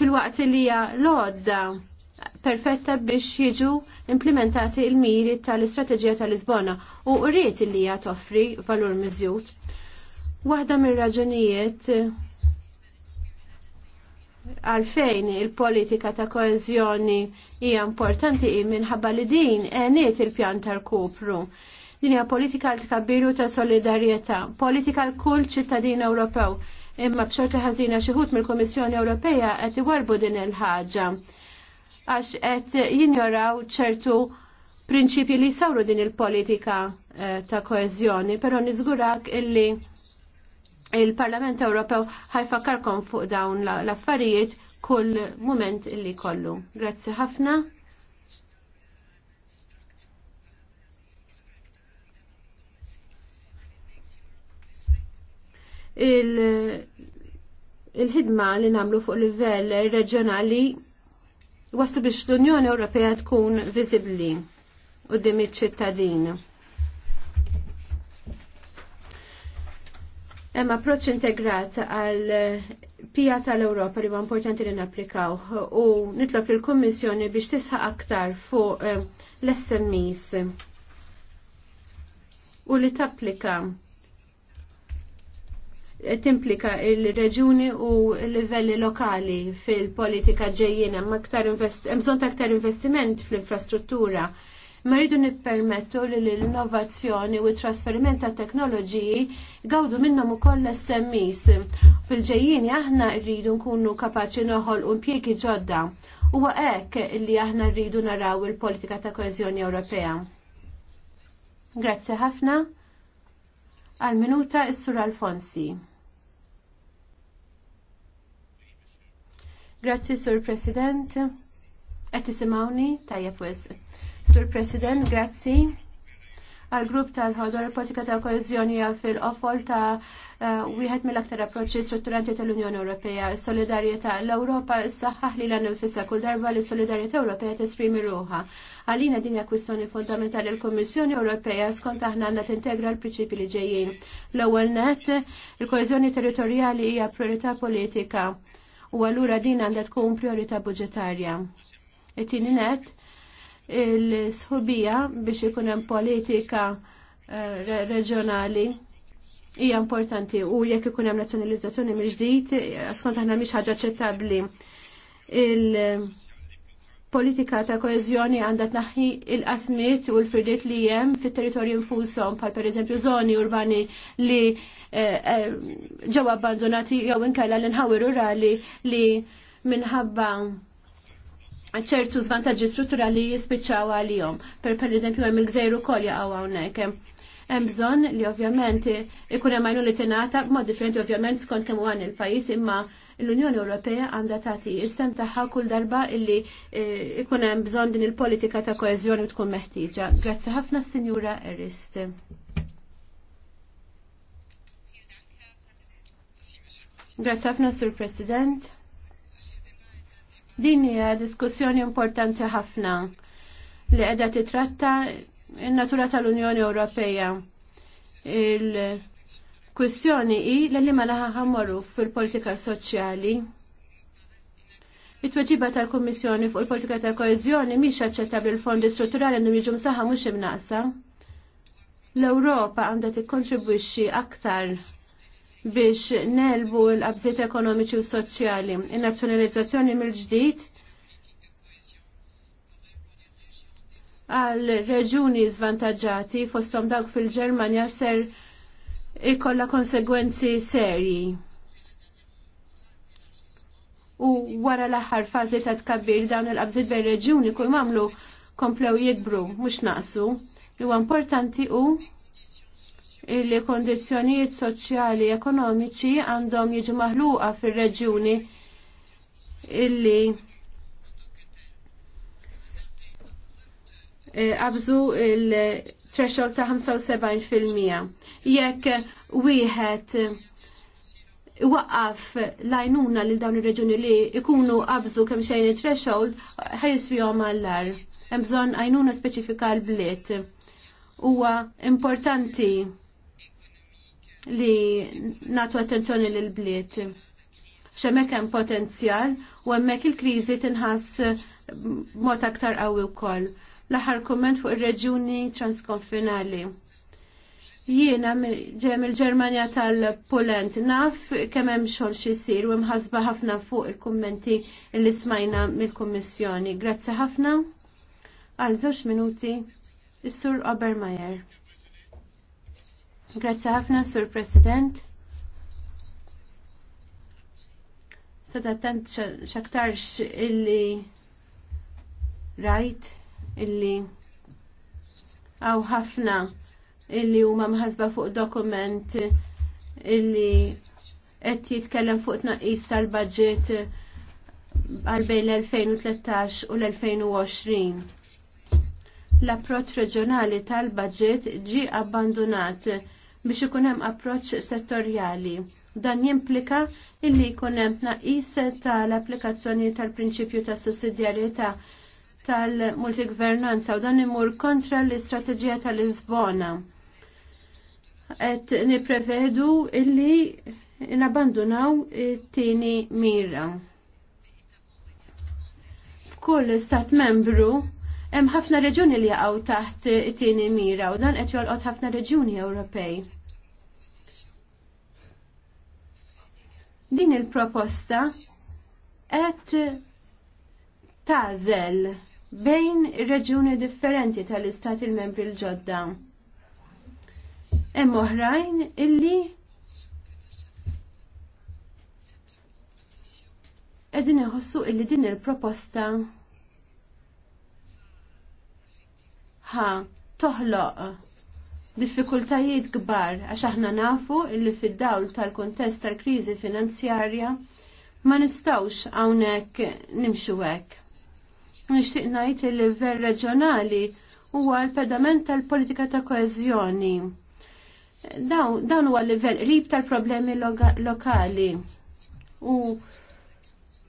Fil-waqt li hija l-għodda perfetta biex jiġu implementati il-miri tal-istrateġija tal-Lisbona u rrit li hija toffri valur miżjud. Waħda mir-raġunijiet għalfejn il-politika ta' koezjoni hija importanti minħabba li din għeniet il-pjan tal-kupru. Din hija politika l tkabbiru ta' solidarjetà, politika l kull ċittadin Ewropew. Imma b'xorta ħażina xi ħud mill-Kummissjoni Ewropea qed iwarbu din il-ħaġa għax qed jinjoraw ċertu prinċipji li jsawru din il-politika eh, ta' koezjoni, però niżgurak illi il-Parlament Ewropew ħajfakarkom fuq dawn l-affarijiet kull moment illi kollu. Grazzi ħafna. Il-ħidma il li namlu fuq livell reġjonali wasu biex l-Unjoni Ewropea tkun viżibbli u iċ-ċittadin. Hemm approċċ integrat għal pija tal europa li huwa importanti li napplikaw u nitlob il kummissjoni biex tisħaq aktar fuq eh, l smis u li tapplika eh, timplika il-reġuni u livelli lokali fil-politika ġejjina, ma' aktar ta' aktar investiment fl-infrastruttura ma rridu nippermettu li l-innovazzjoni u t-trasferiment ta' teknoloġiji gawdu minnhom ukoll SMEs. Fil-ġejjini aħna rridu nkunu kapaċi noħol u impjiegi ġodda. Huwa hekk li aħna rridu naraw il-politika ta' koezjoni Ewropea. Grazzi ħafna. Għal-minuta is-Sur Alfonsi. Grazzi, Sur President. Qed tisimgħuni tajjeb wisq. Sur President, grazzi għal grupp tal-ħodor politika ta' koezjoni fil-qofol ta' eh, wieħed mill-aktar approċċi strutturanti tal-Unjoni Ewropea, solidarjetà l-Ewropa saħħaħ li l-nfissa kull darba li solidarjetà Ewropea tesprimi ruha. Għalina hija kwistjoni fondamentali l-Kommissjoni Ewropea skont aħna għandna tintegra l-prinċipi li ġejjin. L-ewwel net, il-koeżjoni territorjali hija priorità politika u allura din għandha tkun priorità budġetarja. It-tieni net, il-sħubija biex ikun hemm politika eh, reġjonali hija importanti u jekk ikun hemm nazzjonalizzazzjoni mill-ġdid, eh, skont aħna mhix ħaġa ċettabbli il-politika ta' koeżjoni għandha tnaħħi il-qasmiet u l-firdiet li hemm fit-territorju infushom bħal pereżempju żoni urbani li eh, ġew abbandonati jew inkella l-inħawi rurali li minħabba ċertu zvantaġġi strutturali jispiċċaw għalihom. Per pereżempju hemm il-gżejr ukoll jaqgħu hawnhekk. Hemm bżonn li ovvjament ikun hemm għajnu li tingħata b'mod differenti ovvjament skont kemm huwa il-pajjiż imma l-Unjoni Ewropea għandha tagħti istem tagħha kull darba illi eh, ikun hemm bżonn din il-politika ta' koeżjoni tkun meħtieġa. Grazzi ħafna Sinjura Erist. Grazzi ħafna Sur President. Din hija diskussjoni importanti ħafna li qiegħda titratta in-natura tal-Unjoni Ewropea. Il-kwistjoni hi li ma naħamorru fil-politika soċjali. It-tweġiba tal-Kummissjoni fuq il-politika tal koeżjoni mhix aċċettabbli l-fondi strutturali għandhom jiġu msaħħa mhux imnaqsa. L-Ewropa għandha tikkontribwixxi aktar biex nelbu l abżiet ekonomiċi u soċjali. Il-nazzjonalizzazzjoni mill-ġdid għal reġuni zvantagġati fostom dawk fil-Ġermanja ser ikolla konsegwenzi serji. U wara l-aħħar fażi ta' tkabbir dawn il-qabżiet bejn reġuni kull mamlu komplew jikbru, mhux naqsu. Huwa importanti u il-kondizjonijiet soċjali ekonomiċi għandhom jiġu maħluqa fir-reġjuni illi għabżu eh, il-threshold ta' 75%. Jekk wieħed waqqaf lajnuna lil dawn ir-reġuni li ikunu qabżu kemm xejn it-threshold ħajsbihom għall-ar. Hemm bżonn għajnuna speċifika l-bliet. Huwa importanti li natu attenzjoni lil bliet ċemmek hemm potenzjal u hemmhekk il-kriżi tinħass mod aktar qawwi wkoll. L-aħħar kumment fuq ir-reġjuni transkonfinali. Jiena ġejjem il-Ġermanja tal-Pulent naf kemm hemm xogħol xi jsir u mħasba ħafna fuq il-kummenti li smajna mill-Kummissjoni. Grazzi ħafna. Għal żewġ minuti is-Sur Obermeyer. Grazzi ħafna, Sur President. Sada tant xaktarx illi rajt illi għaw ħafna illi huma mħasba fuq dokument illi qed jitkellem fuq tnaqqis tal-budget għal bejn l-2013 u l-2020. L-approċċ reġjonali tal-budget ġi abbandonat biex ikun hemm approċċ settorjali. Dan jimplika illi jkun hemm tnaqqis tal-applikazzjoni tal-prinċipju ta' sussidjarjetà tal-multigvernanza u dan imur kontra l-istrateġija tal-Lisbona. Qed nipprevedu illi nabbandunaw it-tieni mira. F'kull stat membru Hemm ħafna reġuni li jaqgħu taħt tieni mira u dan qed jolqod ħafna reġuni Ewropej. Din il-proposta qed tażel bejn reġuni differenti tal-istati il-membri l-ġodda. Hemm oħrajn illi qegħdin iħossu illi din il-proposta tagħha toħloq diffikultajiet kbar għax aħna nafu illi fid-dawl tal-kuntest tal-kriżi finanzjarja ma nistawx hawnhekk nimxu hekk. Nixtieq ngħid il-livell reġjonali huwa l-pedament tal-politika ta' koeżjoni. Dawn huwa l-livell qrib tal-problemi lokali. U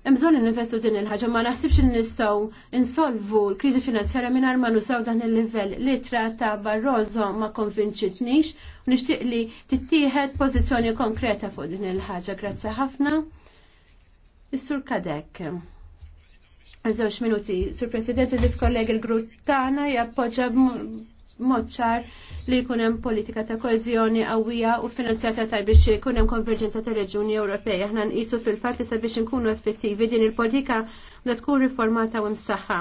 Mżon nifessu din il-ħagġa ma naħsibx li nistgħu insolvu l-kriżi finanzjarja mingħajr ma nusaw dan il-livell li ta' Barroso ma konvinċitnix u nixtieq li tittieħed pożizzjoni konkreta fuq din il-ħaġa. Grazzi ħafna. Is-Sur Kadek. Żewġ minuti, Sur President, dis kollegi l-grupp tagħna jappoġġa mod ċar li jkun hemm politika ta' koeżjoni qawwija u finanzjata ta' biex jkun hemm konverġenza ta' reġuni Ewropej. Aħna nqisu fil-fatt li sabiex inkunu effettivi din il-politika da tkun riformata u msaħħa.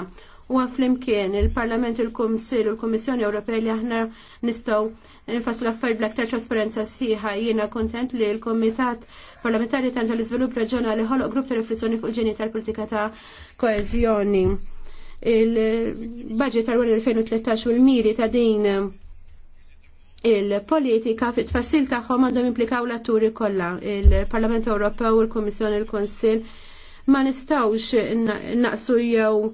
U flimkien il-Parlament, il-Kumsil u l-Kummissjoni Ewropej li aħna nistgħu nfasslu l-affarijiet bl-aktar trasparenza sħiħa. Jiena kontent li l-Kumitat Parlamentari tant tal-Iżvilupp Reġjonali ħoloq grupp ta' riflessjoni fuq ġeni tal-politika ta' koeżjoni il-budget tal-2013 u l-miri ta' din il-politika fit tfassil tagħhom għandhom implikaw l-atturi kollha, il-Parlament Ewropew, il-Kummissjoni, il-Kunsill, ma nistgħux naqsu jew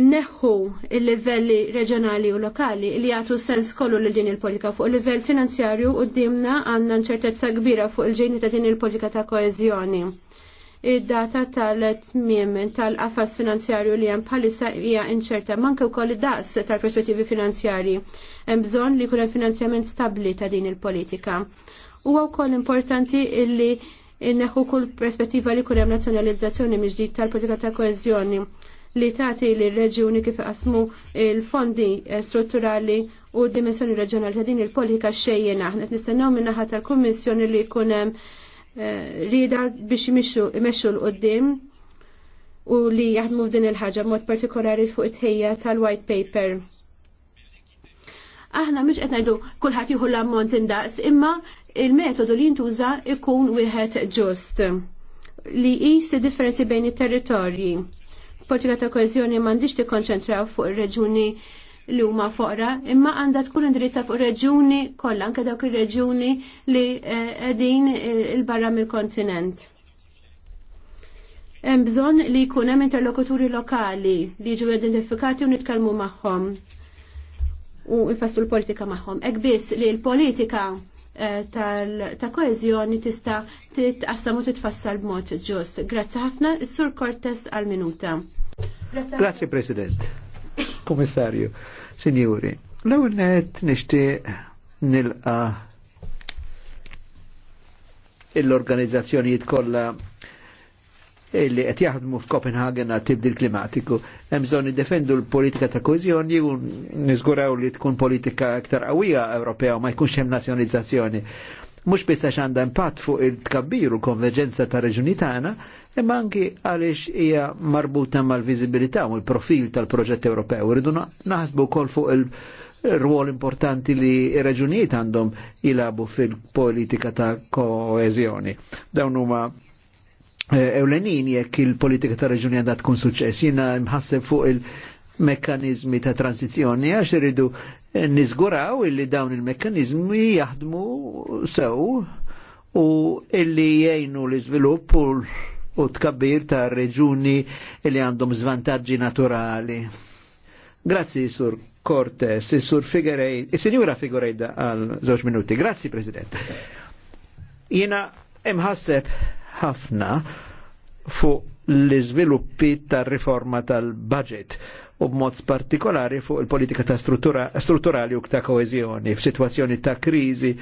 inneħħu il-livelli reġjonali u lokali li jagħtu sens kollu lil din il-politika fuq il-livell finanzjarju u dimna għandna nċertezza kbira fuq il-ġejni ta' din il-politika ta' koeżjoni id-data tal-tmiem tal-qafas finanzjarju li hemm bħalissa hija inċerta manke wkoll id-daqs tal-perspettivi finanzjarji. Hemm bżonn li jkun hemm finanzjament stabbli ta' din il-politika. Huwa wkoll importanti illi inneħu kull perspettiva li jkun hemm nazzjonalizzazzjoni miġdid tal-politika ta' koeżjoni li tagħti lir reġjuni kif qasmu il-fondi eh, strutturali u d-dimensjoni reġjonali ta' din il-politika xejjena. Qed nistennew min-naħa tal-Kummissjoni li jkun hemm Eh, rida biex imexxu l-qoddim u li jaħdmu f'din il-ħaġa mod partikolari fuq it-ħejja tal-white paper. Aħna mhux qed ngħidu kulħadd jieħu l-ammont indaqs, imma il-metodu li jintuża ikun wieħed ġust li jqis differenzi bejn it-territorji. Politika ta' koeżjoni m'għandix tikkonċentraw fuq ir-reġuni li huma foqra, imma għandha tkun indirizza fuq reġuni kollha, anke dawk ir-reġuni li eh, qegħdin il-barra mill-kontinent. Hemm bżonn li jkun hemm interlokuturi lokali li jiġu identifikati u nitkellmu magħhom u jfassu l-politika magħhom. Hekk biss li l-politika eh, ta' koezjoni tista' titqassam u titfassal b'mod ġust. Grazzi ħafna, is-Sur Cortes għal-minuta. Grazzi President. Commissario. Signori, l-ewwel nishti nilqa l-organizzazzjonijiet kollha illi qed jaħdmu f'Copenhagen għat tibdil klimatiku. Hemm bżonn defendu l-politika ta' koeżjoni u niżguraw li tkun politika aktar qawwija Ewropea u ma jkunx hemm nazzjonizzazzjoni. Mhux biss għax għandha impatt fuq il-tkabbir u konverġenza ta' reġuni tagħna, imma anki għaliex hija marbuta mal-viżibilità u l-profil tal-proġett Ewropew. Irridu naħsbu wkoll fuq il ruol importanti li ir għandhom jilabu fil-politika ta' koezjoni. Dawn huma eh, ewlenin jekk il-politika ta' reġuni għandha tkun suċċess. Jiena mħasseb fuq il-mekkanizmi ta' tranzizjoni għax irridu niżguraw illi dawn il-mekkanizmi jaħdmu sew u illi jgħinu l-iżvilupp u u tkabbir ta' reġuni li għandhom zvantaġġi naturali. Grazzi, Sur Cortes, Sur Figurej, eh, Signora Figuerej għal zoċ minuti. Grazzi, President. Jena imħasseb ħafna fuq l-iżviluppi tar-riforma tal-budget u b'mod partikolari fuq il-politika ta' struttura, strutturali u ta' koezjoni f'sitwazzjoni ta' krizi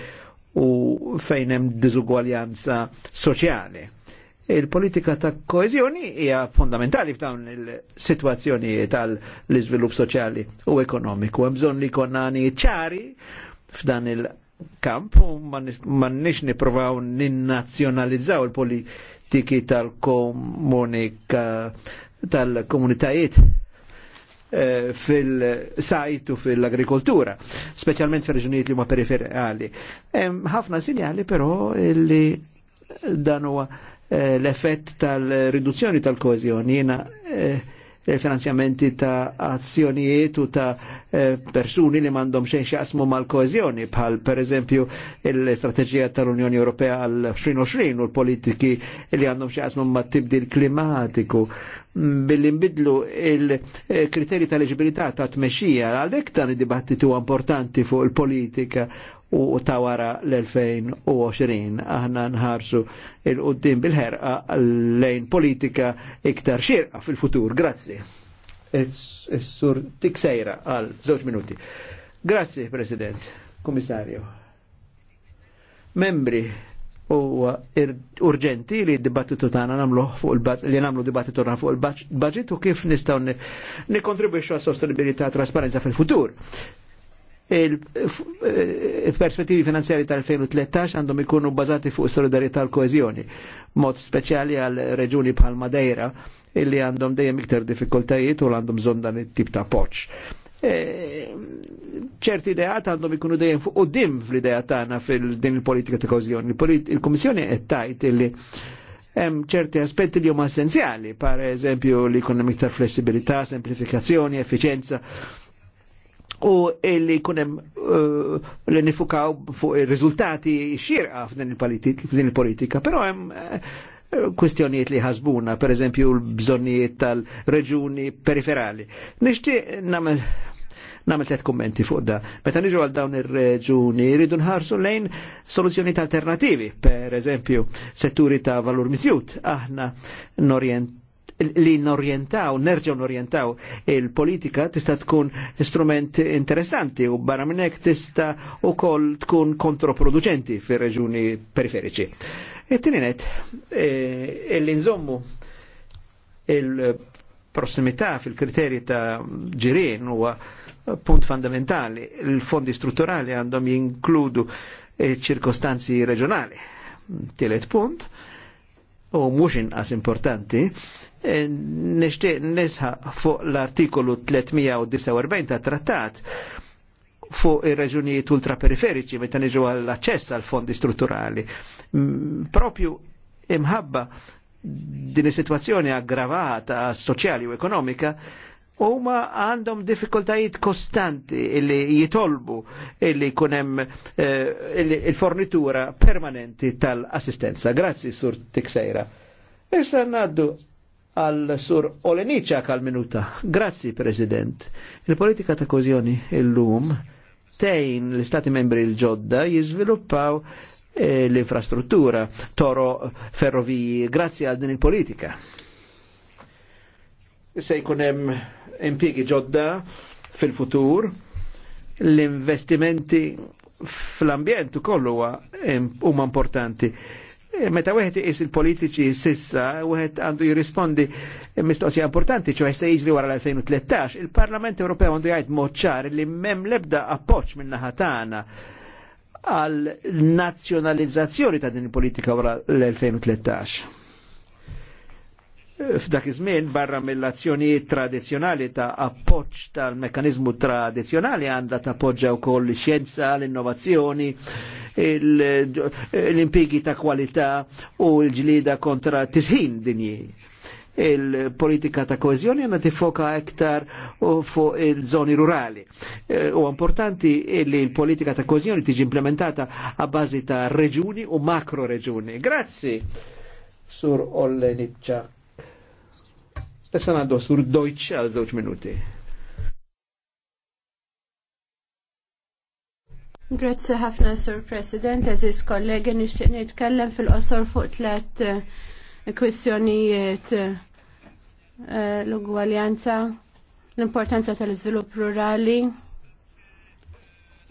u fejnem hemm diżugwaljanza soċjali il-politika ta' koezjoni hija fondamentali f'dawn il-sitwazzjoni tal-iżvilupp soċjali u ekonomiku. Hemm bżonn li konnani ċari f'dan il-kamp u m'għandniex nippruvaw ninnazzjonalizzaw il-politiki tal-komunika tal-komunitajiet eh, fil-sajt u fil-agrikoltura, specialment fil-reġunijiet li huma periferali. Hemm Ħafna sinjali però li dan huwa eh, l-effett tal-riduzzjoni tal-koezjoni. jiena eh, eh, finanzjamenti ta' azzjonijiet u ta' persuni li mandom xejn xaqsmu mal-koezjoni bħal per eżempju l-istrateġija tal-Unjoni Ewropea għal 2020 u l-politiki li għandhom xaqsmu ma' tibdil klimatiku billi nbidlu il-kriteri tal-eġibilità ta' tmexxija għalhekk dan id-dibattitu importanti fuq il-politika u ta' wara l-2020 aħna nħarsu il-qoddim bil-ħerqa lejn politika iktar xirqa fil-futur. Grazzi. Is-sur sejra għal żewġ minuti. Grazzi, President, Komissarju. Membri, u urġenti li d-dibattitu tagħna nagħmluh fuq li nagħmlu dibattitu tagħna fuq il baġit u kif nistgħu nikkontribwixxu għas sostenibilità trasparenza fil-futur il-perspettivi finanzjari tal-2013 għandhom ikunu bazati fuq solidarietà l koezjoni mod speċjali għal reġuni bħal Madeira illi għandhom dejjem iktar diffikultajiet u għandhom bżonn dan it-tip ta' poċ. ċerti ideat għandhom ikunu dejjem fuq qudiem fl-idea tagħna fil-din il-politika ta' koezjoni. Il-Kummissjoni qed tajt illi hemm ċerti aspetti li huma essenzjali, par eżempju li jkun hemm iktar flessibilità, semplifikazzjoni, effiċenza u illi kunem uh, li nifukaw fuq il-rizultati xirqa f'din il-politika, però hemm eh, kwestjonijiet li ħasbuna, per eżempju l-bżonnijiet tal-reġuni periferali. Nishti namel namel tlet kommenti fuq da. Meta niġu għal dawn ir-reġuni, rridu nħarsu lejn soluzzjonijiet alternativi, per eżempju, setturi ta' valur miżjut. Aħna norient li norjentaw, nerġaw norjentaw il-politika tista' tkun strument interessanti u barra minnek tista' u koll tkun kontroproducenti fi reġuni periferiċi. E tininet, e, l-inżommu il-prossimità fil-kriteri ta' ġirin u punt fondamentali. Il-fondi strutturali għandhom jinkludu ċirkostanzi e regionali. Telet punt, u mhux inqas importanti, nishtiq nisħa fuq l-artikolu 349 ta' trattat fuq ir-reġunijiet ultraperiferiċi meta niġu għall-aċċess għall fondi strutturali. Propju imħabba din is-sitwazzjoni aggravata soċjali u ekonomika huma għandhom diffikultajiet kostanti illi jitolbu illi kunem eh, il-fornitura permanenti tal-assistenza. Grazzi, Sur Tiksejra. Issa naddu għal sur Olenicja għal minuta. Grazzi, President. Il-politika ta' kozjoni il-lum tejn l-Stati membri il ġodda jizviluppaw e, l-infrastruttura, toro ferroviji, grazzi għal din il-politika. Se jkunem impiegi ġodda fil-futur, l-investimenti fl ambjentu kollu huma importanti Eh, meta wieħed is il-politiċi sissa, wieħed għandu jirrispondi mistoqsija importanti, ċoħe se jiġri wara l-2013, il-Parlament Ewropew għandu jgħid moċċar li mem lebda appoċ minn naħatana għal nazzjonalizzazzjoni ta' din il-politika wara l-2013 f'dak iż-żmien barra mill-azzjonijiet tradizzjonali ta' appoġġ tal-mekkaniżmu tradizzjonali għandha tappoġġa wkoll ix-xjenza, l-innovazzjoni, l-impjegi ta' kwalità u l-ġlida kontra tisħin dinji il-politika ta' koezjoni għanna tifoka iktar fuq il-żoni rurali. E, u importanti li l-politika ta' koezjoni tiġi implementata a bażi ta' reġuni u makro reġuni. Grazzi, Sur Olle Ollenicċak. Issa għandu sur Deutsch għal żewġ minuti. Grazie ħafna, Sur President, għaziz kollegi, nixtieq nitkellem fil-qosor fuq tlet eh, kwistjonijiet eh, l-ugwaljanza, l-importanza tal-iżvilupp rurali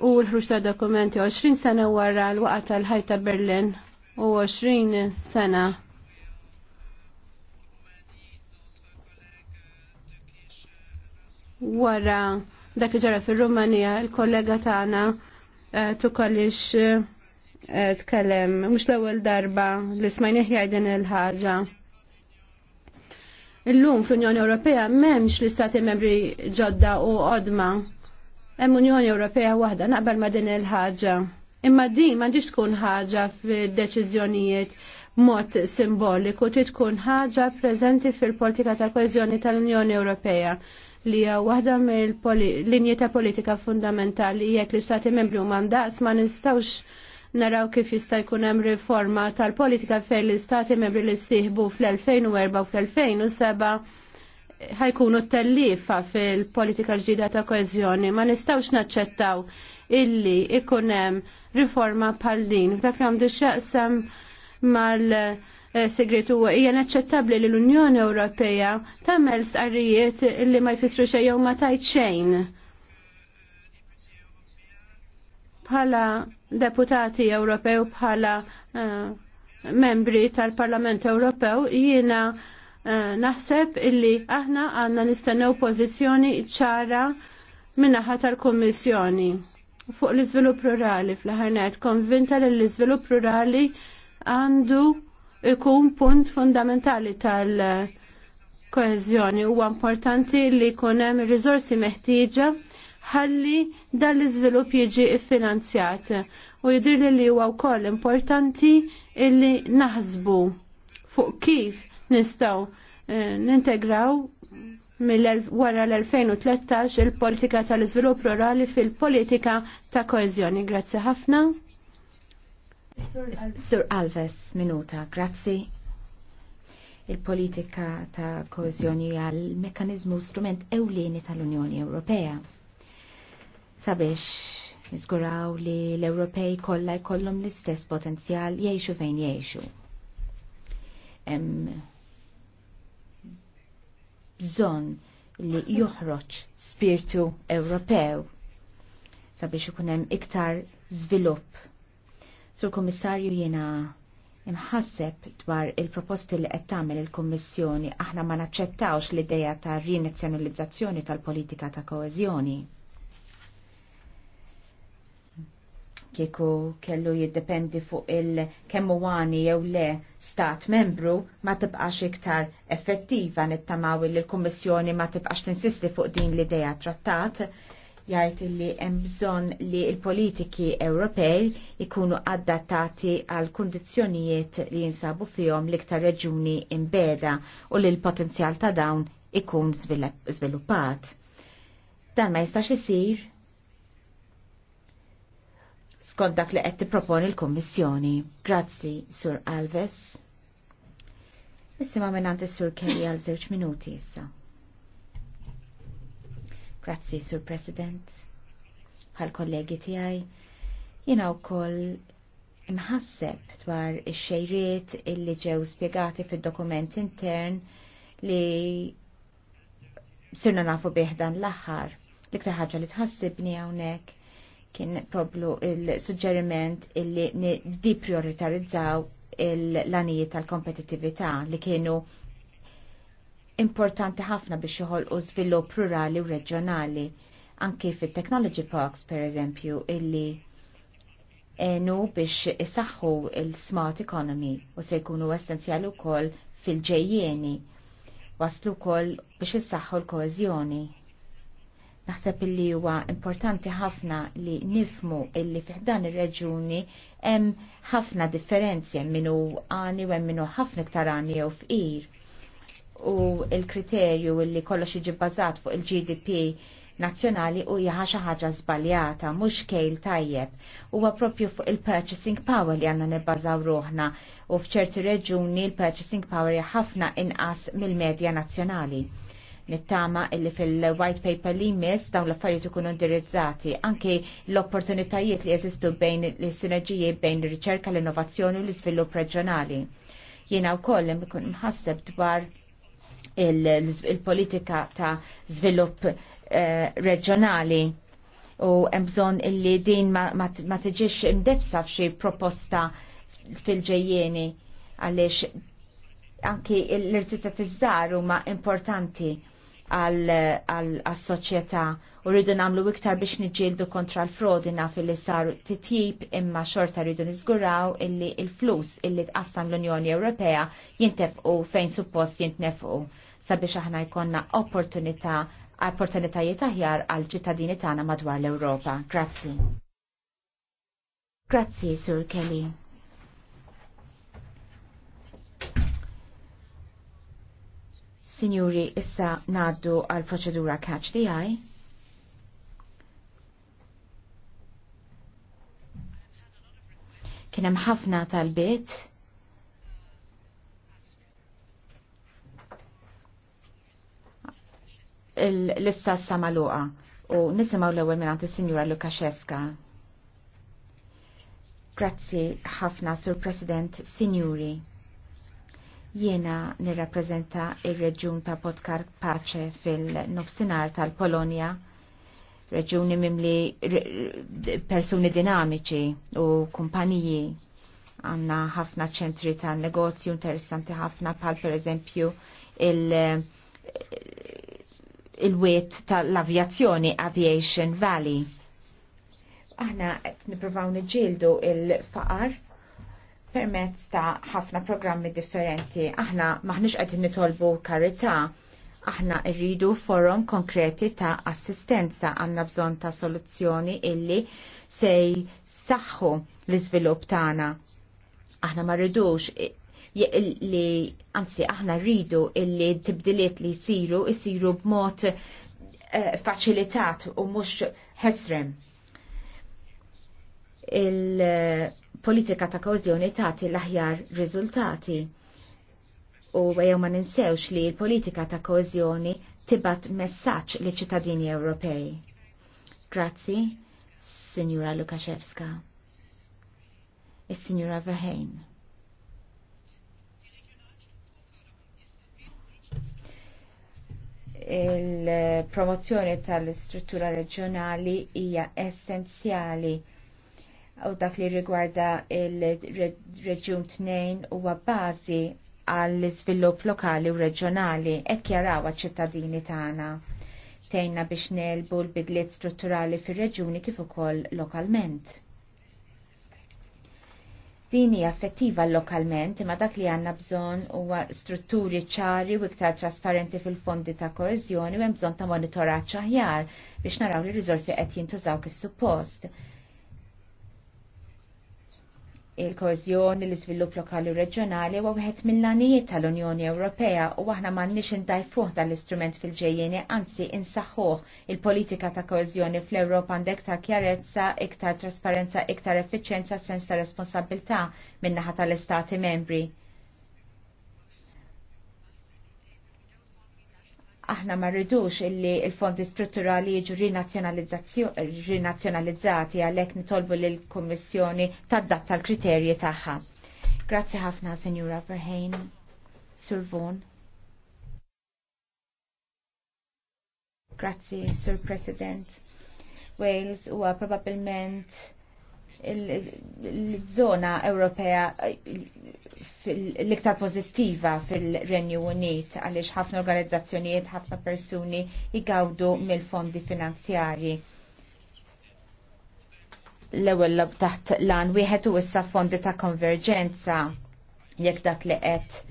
u l-ħruġ ta' dokumenti 20 sena wara l-waqa tal-ħajta Berlin u 20 sena wara dak ġara fir-Rumanija il-kollega tagħna eh, tukollix eh, tkellem mhux l-ewwel darba li smajnih din il-ħaġa. Illum fl-Unjoni Ewropea m'hemmx l-istati membri ġodda u qodma. Hemm Unjoni Ewropea waħda naqbel ma' din il-ħaġa. Imma din m'għandix tkun ħaġa fid-deċiżjonijiet mod simboliku, trid tkun ħaġa preżenti fil-politika ta' koeżjoni tal-Unjoni Ewropea li hija waħda mill-linji ta' politika fundamentali jekk l-istati membri u mandaqs ma nistawx naraw kif jista' jkun hemm riforma tal-politika fejn l-istati membri li ssieħbu fl-2004 u fl-2007 ħajkunu t-tellifa fil-politika ġdida ta' koezjoni. Ma nistawx naċċettaw illi ikun hemm riforma bħal din. Dak għandu mal- Eh, segretu hija naċċettabbli li l-Unjoni Ewropea tagħmel stqarrijiet li ma jfissru xejn jew ma tajt xejn. Bħala deputati Ewropew bħala eh, membri tal-Parlament Ewropew jiena eh, naħseb illi aħna għandna nistennew pożizzjoni ċara minnaħa tal kummissjoni fuq l-iżvilupp rurali fl-ħarnet konvinta li l-iżvilupp rurali għandu ikun punt fundamentali tal-koezjoni. Huwa importanti li jkun hemm riżorsi meħtieġa ħalli dan l-iżvilupp jiġi iffinanzjat u jidir li huwa wkoll importanti illi naħsbu fuq kif nistgħu eh, nintegraw mill wara l-2013 il-politika tal-iżvilupp rurali fil-politika ta' koezjoni. Grazzi ħafna. Sur Alves, minuta, grazzi. Il-politika ta' kozjoni għal mekanizmu strument ewlieni tal-Unjoni Ewropea. Sabiex nizguraw li l-Ewropej kollha jkollhom l-istess potenzjal jgħixu fejn jgħixu. Hemm bżonn li joħroġ spiritu Ewropew sabiex ikun hemm iktar żvilupp Sur Kommissarju jiena imħasseb dwar il-proposti li qed tagħmel il-Kummissjoni aħna ma naċċettawx l-idea ta' rinazzjonalizzazzjoni tal-politika ta' koeżjoni. kieku kellu jiddependi fuq il-kemmu għani jew le stat membru ma tibqax iktar effettiva nittamaw il kummissjoni ma tibqax tinsisti fuq din l-ideja trattat jgħid li hemm bżonn li l-politiki Ewropej ikunu adattati għal kundizzjonijiet li jinsabu fihom l-iktar reġuni imbeda u li l-potenzjal ta' dawn ikun żviluppat. Dan ma jistax isir skont dak li qed tipproponi l-Kummissjoni. Grazzi, Sur Alves. Issima minn għandi Sur Kelly għal żewġ minuti issa. Grazzi, Sur President, għal kollegi tijaj, jina u koll imħasseb dwar il-xejriet illi ġew spiegati fil-dokument intern li sirna nafu biħdan l axar L-iktar ħagġa li tħassibni għawnek kien problu il-suġġeriment illi di prioritarizzaw il-lanijiet tal-kompetitivita li kienu importanti ħafna biex joħolqu żvilupp rurali u reġjonali, anki fit-technology parks pereżempju illi enu biex isaxħu il-smart economy u se jkunu essenzjali wkoll fil-ġejjieni waslu wkoll biex isaxħu l-koeżjoni. Naħseb illi huwa importanti ħafna li nifmu illi fiħdan ir-reġuni hemm ħafna differenzi hemm minnu għani u hemm minnu ħafna iktar għani jew fqir u il-kriterju li kollox jiġi bbażat fuq il-GDP nazzjonali u jaħa xi ħaġa żbaljata mhux kejl tajjeb. Huwa proprju fuq il-purchasing power li għandna nibbażaw ruħna u f'ċerti reġuni l-purchasing power ħafna inqas mill-medja nazzjonali. Nittama illi fil-white paper li jmiss dawn l-affarijiet ikunu indirizzati anke l-opportunitajiet li jeżistu bejn l-sinerġiji bejn ir-riċerka l-innovazzjoni u l-iżvilupp reġjonali. Jiena wkoll hemm ikun mħasseb dwar il-politika ta' svilupp eh, reġjonali u hemm bżonn illi din ma tiġix imdebsa f'xi proposta fil-ġejjeni għaliex anki l-irtitatizzar huma importanti għal-soċjetà u rridu namlu iktar biex niġġieldu kontra l-frodi naf li sar titjib imma xorta rridu niżguraw illi il-flus illi tqassam l-Unjoni Ewropea jintefqu fejn suppost jintnefqu sabiex aħna jkonna opportunità opportunitajiet aħjar għal ċittadini tagħna madwar l-Ewropa. Grazzi. Grazzi, Sur Kelly. Signuri, issa naddu għal proċedura catch the eye. Kienem ħafna tal-bit l-istess samaluqa u nisimaw l-ewwel minn is-Sinjura Lukaxeska. Grazzi ħafna Sur President Sinjuri. Jiena nirrappreżenta ir-reġjun ta' Podkar Pace fil-nofsinhar tal-Polonja, reġjuni mimli persuni dinamiċi u kumpaniji għanna ħafna ċentri ta' negozju interessanti ħafna pal per eżempju il il-wiet tal-avjazzjoni Aviation Valley. Aħna qed nippruvaw niġġieldu il-faqar permezz ta' ħafna programmi differenti. Aħna maħniex qed nitolbu karità, aħna rridu forum konkreti ta' assistenza għandna bżonn ta' soluzzjoni illi sej saħħu l-iżvilupp tagħna. Aħna ma rridux li anzi aħna rridu illi tibdiliet li jsiru jsiru b'mod eh, faċilitat u mhux ħesrem. Il-politika ta' kawżjoni tagħti l-aħjar riżultati u jew ma ninsewx li l-politika ta' kawżjoni tibat messaġġ li ċittadini Ewropej. Grazzi, Signora Lukaszewska. Is-Signora Verheyn. il-promozzjoni tal-istruttura reġjonali hija essenzjali u dak li rigwarda il-reġjun tnejn huwa bażi għall iżvilupp lokali u reġjonali hekk jaraw ċittadini tagħna. Tejna biex nelbu l-bidliet strutturali fir-reġjuni kif ukoll lokalment. Din hija effettiva lokalment imma dak li għandna bżonn huwa strutturi ċari u iktar trasparenti fil-fondi ta' koeżjoni u hemm bżonn ta' monitoraġġ aħjar biex naraw li r-riżorsi qed jintużaw kif suppost Il-kozjoni l-iżvilupp lokali u reġjonali huwa wieħed mill-għanijiet tal-Unjoni Ewropea u aħna m'għandniex indajfuh dan l-istrument fil-ġejjeni, anzi insaħħuh il-politika ta' kozjoni fl-Ewropa għandek ta' kjarezza, iktar trasparenza, iktar effiċjenza, sens ta' responsabilità min-naħa tal-Istati membri. aħna ma rridux illi il-fondi strutturali jiġu rinazzjonalizzati għalhekk nitolbu lill kummissjoni tad-datta l-kriterji tagħha. Grazzi ħafna, Sinjura Verheyen, Sur Vaughan. Grazzi, Sur President. Wales huwa probabbilment il-żona Ewropea l-iktar pozittiva fil-Renju Unit għaliex ħafna organizzazzjonijiet, ħafna persuni jgawdu mill-fondi finanzjarji l-ewwel taħt lan wieħed u issa fondi ta' konverġenza jekk dak li qed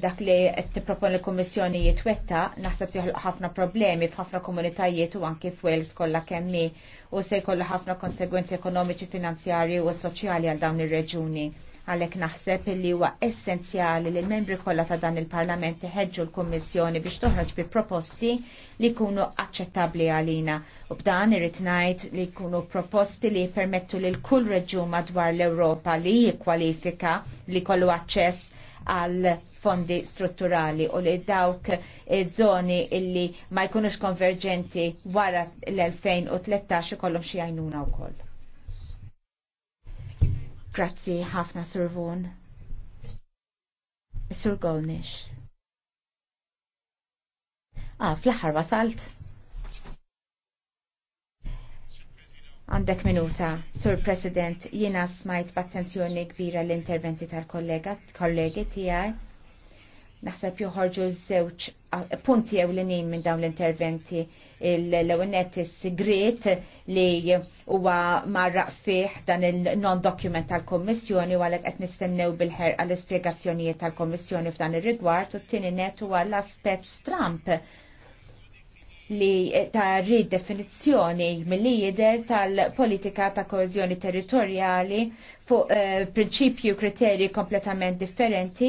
dak li qed tippropon il-Kummissjoni jitwetta naħseb joħloq ħafna problemi f'ħafna komunitajiet u anke f'Wales kollha kemmi u se jkollha ħafna konsegwenzi ekonomiċi, finanzjarji u soċjali għal dawn ir-reġuni. Għalhekk naħseb li huwa essenzjali li l-membri kollha ta' dan il-Parlament iħeġġu l-Kummissjoni biex toħroġ bi proposti li jkunu aċċettabbli għalina. U b'dan irid ngħid li jkunu proposti li jpermettu lil kull reġun madwar l-Ewropa li jikkwalifika li kollu aċċess għal fondi strutturali u li dawk zoni illi ma jkunux konverġenti wara l-2013 ikollhom xi għajnuna wkoll. Grazzi ħafna Survun. Sur Golnish. Ah, fl-aħħar wasalt. Għandek minuta, Sur President, jiena smajt b'attenzjoni kbira l-interventi tal-kollega, kollegi tiegħi. Naħseb joħorġu żewġ punti l minn dawn l-interventi l-ewenet is-sigrit li huwa marraq fih dan il non dokument tal-Kommissjoni u għalek qed nistennew bil-ħerqa ispjegazzjonijiet tal-Kommissjoni f'dan ir-rigward u t-tieni net huwa l-aspett Stramp li ta' ridefinizzjoni mill-lider tal-politika ta' koezjoni territorjali fuq uh, prinċipju kriterji kompletament differenti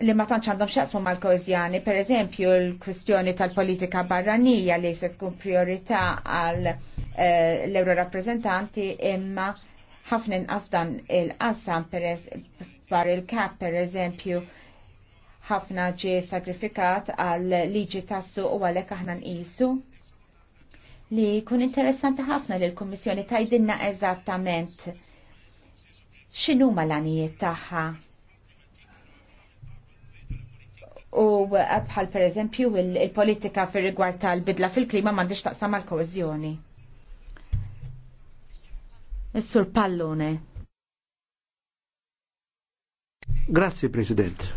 li ma tantx għandhom xaqsmu mal-koezjani, per eżempju l-kwistjoni tal-politika barranija li se tkun priorità għal uh, l-euro rappresentanti imma ħafna inqas dan il-qassam peress bar il-kap per eżempju ħafna ġie sagrifikat għal liġi tassu u għalhekk aħna nqisu li kun interessanti ħafna li l-Kummissjoni tajdinna eżattament ma l-għanijiet tagħha. U bħal pereżempju il-politika fir rigward tal-bidla fil-klima m'għandix taqsam mal koeżjoni Is-sur Pallone. Grazzi, President.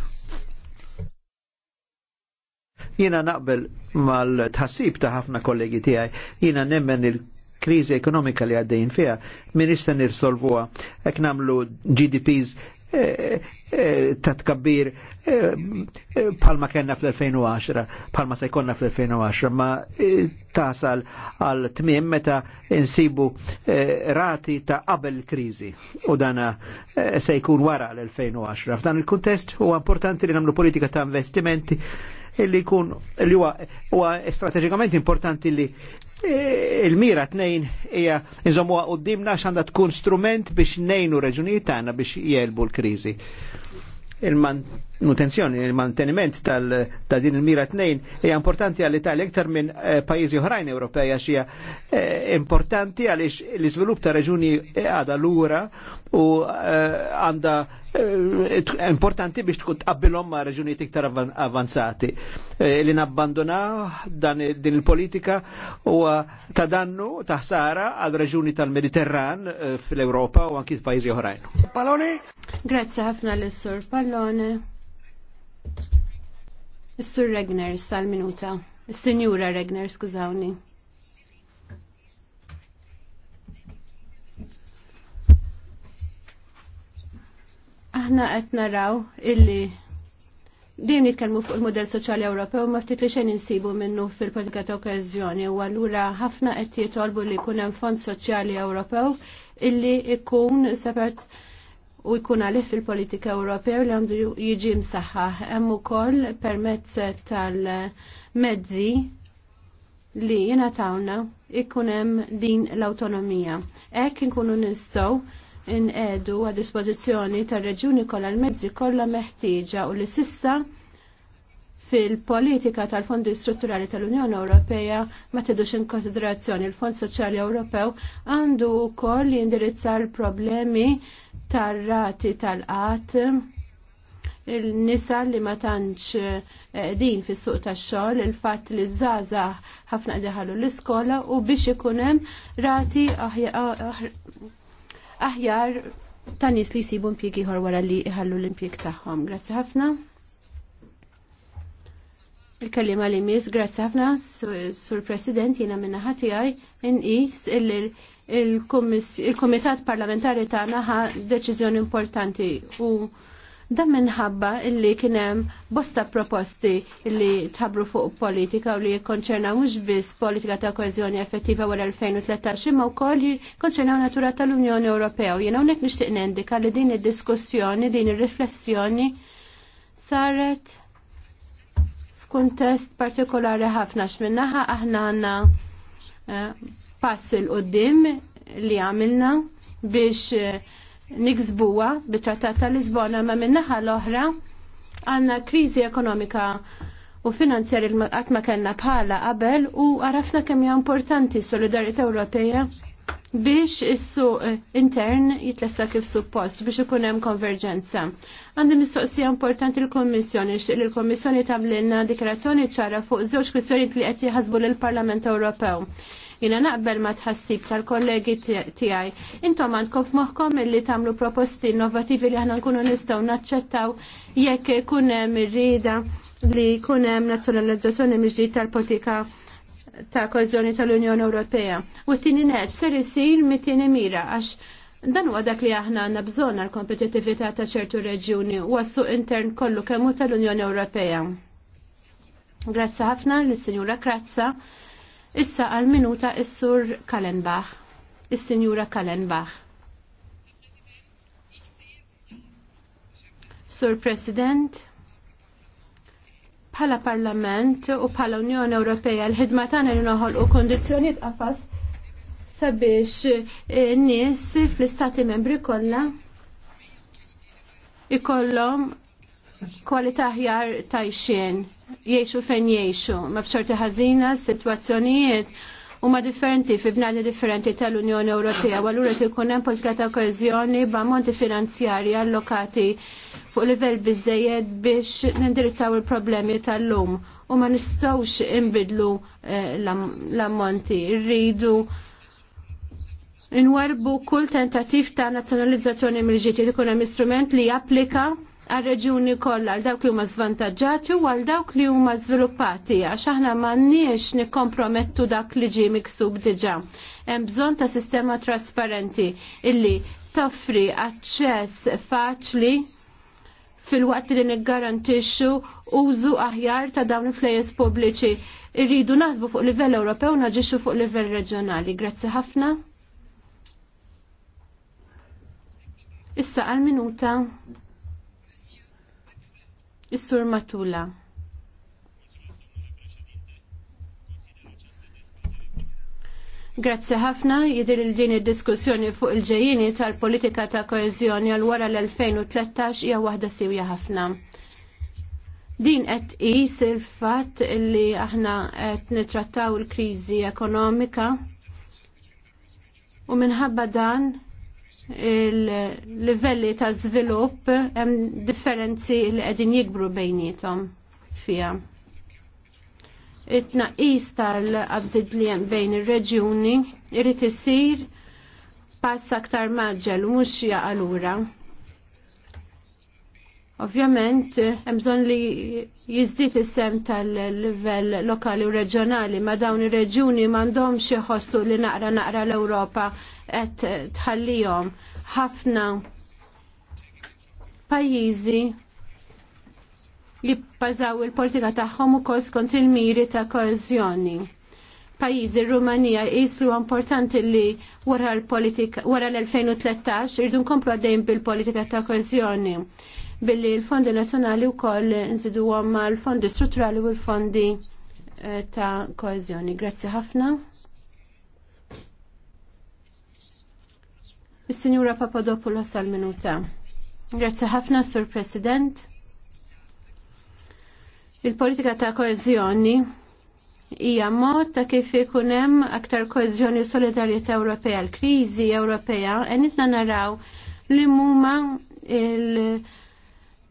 Jiena naqbel mal-tħassib ta' ħafna kollegi tiegħi, jiena nemmen il-kriżi ekonomika li għaddejn fiha min issa nirsolvuha hekk nagħmlu GDPs eh, eh, ta' tkabbir e, palma kena fl-2010, palma se jkonna fl-2010, ma tasal għal tmiem meta insibu rati ta' qabel krizi u dana se jkun wara l-2010. F'dan il-kontest huwa importanti li namlu politika ta' investimenti illi jkun li huwa strateġikament importanti li e, il-mira tnejn hija inżommu qudiemna x'għandha tkun strument biex nejnu reġunijiet tagħna biex jelbu l-kriżi. Il-manutenzjoni, il-manteniment ta' din il-mira tnejn hija importanti għall italja iktar minn e, pajjiżi oħrajn Ewropej għax hija e, importanti għaliex l-iżvilupp ta' reġuni għadha lura u eh, għanda eh, importanti biex tkun tqabbilhom ma' raġunijiet iktar avanzati. Eh, li nabbandonaw dan din il-politika u ta' dannu ta' ħsara għal reġuni tal-Mediterran fl-Ewropa u anki pajjiżi oħrajn. Pallone? Grazzi ħafna l-Sur Pallone. Is-Sur Regner sal-minuta. Is-Sinjura Regner, skużawni. aħna qed naraw illi din nitkellmu fuq il-modell soċjali Ewropew ma ftit li xejn insibu minnu fil-politika ta' okkażjoni u allura ħafna qed jitolbu li jkun hemm fond soċjali Ewropew illi jkun separat u jkun għalih fil-politika Ewropew li għandu jiġi msaħħaħ. Hemm ukoll permezz tal-mezzi li jingħatawna ikun hemm din l-awtonomija. Hekk inkunu nistgħu edu għad dispożizzjoni tar-reġjuni kollha l-mezzi kollha meħtieġa u li sissa fil-politika tal-Fondi Strutturali tal-Unjoni Ewropea ma tidux in konsiderazzjoni il-Fond Soċjali Ewropew għandu wkoll indirizza l-problemi tar-rati tal qat il-nisa li ma tantx eh, din fis-suq tax-xogħol il-fatt li żgħażagħ ħafna diħalu l-iskola u biex ikun hemm rati aħjar aħjar ta' nies li jsibu impjeg ieħor wara li jħallu l-impjieg tagħhom. Grazzi ħafna. Il-kellima li mis, grazzi ħafna, sur President, jiena minna ħatijaj, inqis il-Komitat Parlamentari tagħna ħa deċiżjoni importanti u Da minħabba illi kienem bosta proposti illi tabru fuq politika u li konċerna mux bis politika ta' koezjoni effettiva għal 2013 ma' u koll konċerna natura tal-Unjoni Ewropea. Jena unek nishtiq nendika li din il-diskussjoni, din il-riflessjoni saret f'kuntest partikolari ħafna x'minnaħa aħna għandna eh, pass il-qoddim li għamilna biex eh, niksbuwa bit-trattat ta' Lisbona ma minnaħa l-oħra għanna krizi ekonomika u finanzjar l qatt ma kellna bħala qabel u għarafna kemm hija importanti s Ewropeja Ewropea biex is-suq eh, intern jitlesta kif suppost biex ikun hemm konverġenza. Għandi mistoqsija importanti l-Kommissjoni xil l-Kommissjoni tamlinna dikrazzjoni ċara fuq żewġ kwistjonijiet li qed jħasbu lill-Parlament Ewropew. Jina naqbel ma tħassib tal-kollegi tiegħi. Intom għandkom f'moħħkom illi tagħmlu proposti innovativi li aħna nkunu nistgħu naċċettaw jekk ikun hemm irrieda li jkun hemm nazzjonalizzazzjoni miġdid tal-politika ta' kozzjoni tal-Unjoni Ewropea. U t-tini neċ, ser isir mit-tini mira, għax dan huwa dak li aħna għandna bżonn għal kompetitivita ta' ċertu reġjuni u għassu intern kollu kemm tal-Unjoni Ewropea. Grazzi ħafna l sinjura Krazza Issa għal minuta is-sur Kallenbach, is-Sinjura Kallenbach. Sur President, bħala Parlament u bħala Unjoni Ewropea l-ħidma tagħna li u kondizzjonijiet qafas sabiex eh, nies fl-istati membri kollha ikollhom kwalità aħjar tajxin, jiexu fejn jiexu, ma f'xorti ħażina, situazzjonijiet huma differenti fi bnadi differenti tal-Unjoni Ewropea, u allura ikun hemm politika ta' koeżjoni b'ammonti finanzjarji allokati fuq livell biżejjed biex nindirizzaw il-problemi tal-lum u ma nistawx imbidlu eh, l-ammonti, rridu inwerbu kull tentativ ta' nazjonalizzazzjoni mill-ġiti li hemm instrument li japplika għal-reġuni kollha għal dawk li huma żvantaġġati u għal dawk li huma żviluppati għax aħna m'għandniex nikkompromettu dak li ġie miksub diġà. Hemm bżonn ta' sistema trasparenti illi toffri aċċess faċli fil-waqt li niggarantixxu użu aħjar ta' dawn il-flejes pubbliċi. Irridu naħsbu fuq livell Ewropew naġixxu fuq livell reġjonali. Grazzi ħafna. Issa għal-minuta. Is-Sur Matula. Grazzi ħafna, jidir il-din id-diskussjoni fuq il-ġejjini tal-politika ta' koezjoni għal wara l-2013 hija waħda siwja ħafna. Din qed qis il-fatt li aħna qed nitrattaw il-kriżi ekonomika u minħabba dan il-livelli ta' żvilupp hemm differenzi li qegħdin jikbru bejnietom fiha. It-tnaqqis tal-qabżid li hemm bejn ir-reġjuni irid isir pass aktar maġġel u mhux jaqalura. Ovvjament, hemm bżonn li jiżdied is-sem tal-livell lokali u reġjonali ma' dawn ir-reġjuni m'għandhomx iħossu li naqra naqra l-Ewropa qed tħallihom ħafna pajjiżi li jibbażaw il-politika tagħhom ukoll skont il-miri ta' koeżjoni. Pajjiżi Rumanija jislu importanti li wara l-politika wara l-2013 irdu nkomplu għaddejn bil-politika ta' koeżjoni billi l-fondi nazjonali u koll nżidu l-fondi strutturali u l-fondi eh, ta' koezjoni. Grazie ħafna. Is-Sinjura Papadopoulos għal minuta. Grazzi ħafna, Sur President. Il-politika ta' koezjoni hija mod ta' kif ikun hemm aktar koezjoni u solidarjetà Ewropea. L-kriżi Ewropea qed naraw li huma il-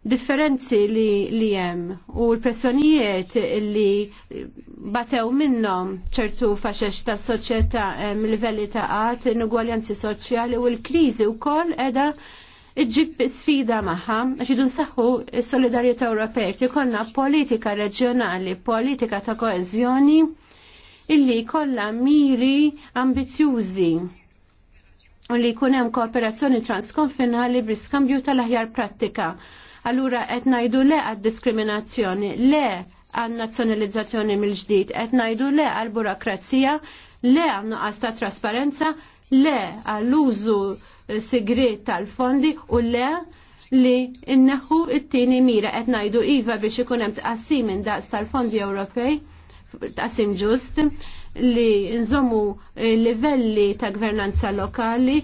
differenzi li, li jem u l-pressjonijiet li batew minnom ċertu faxex ta' soċieta livelli ta' għat, n-ugwaljanzi soċjali u l-krizi u koll edha iġib sfida maħħa, xidu nsaħħu solidarieta Ewropea, tikolna politika reġjonali, politika ta' koezjoni illi kollha miri ambizjużi u li hemm kooperazzjoni transkonfinali bl-iskambju tal-aħjar prattika Allura qed ngħidu le għad-diskriminazzjoni, le għan-nazzjonalizzazzjoni mill-ġdid, qed ngħidu le għall-burokrazija, le għan nuqqas ta' trasparenza, le għall-użu eh, sigrit tal-fondi u le li nneħħu it-tieni mira qed ngħidu iva biex ikun hemm tqassim minn daqs tal-fondi Ewropej, tqassim ġust, li nżommu livelli ta' gvernanza lokali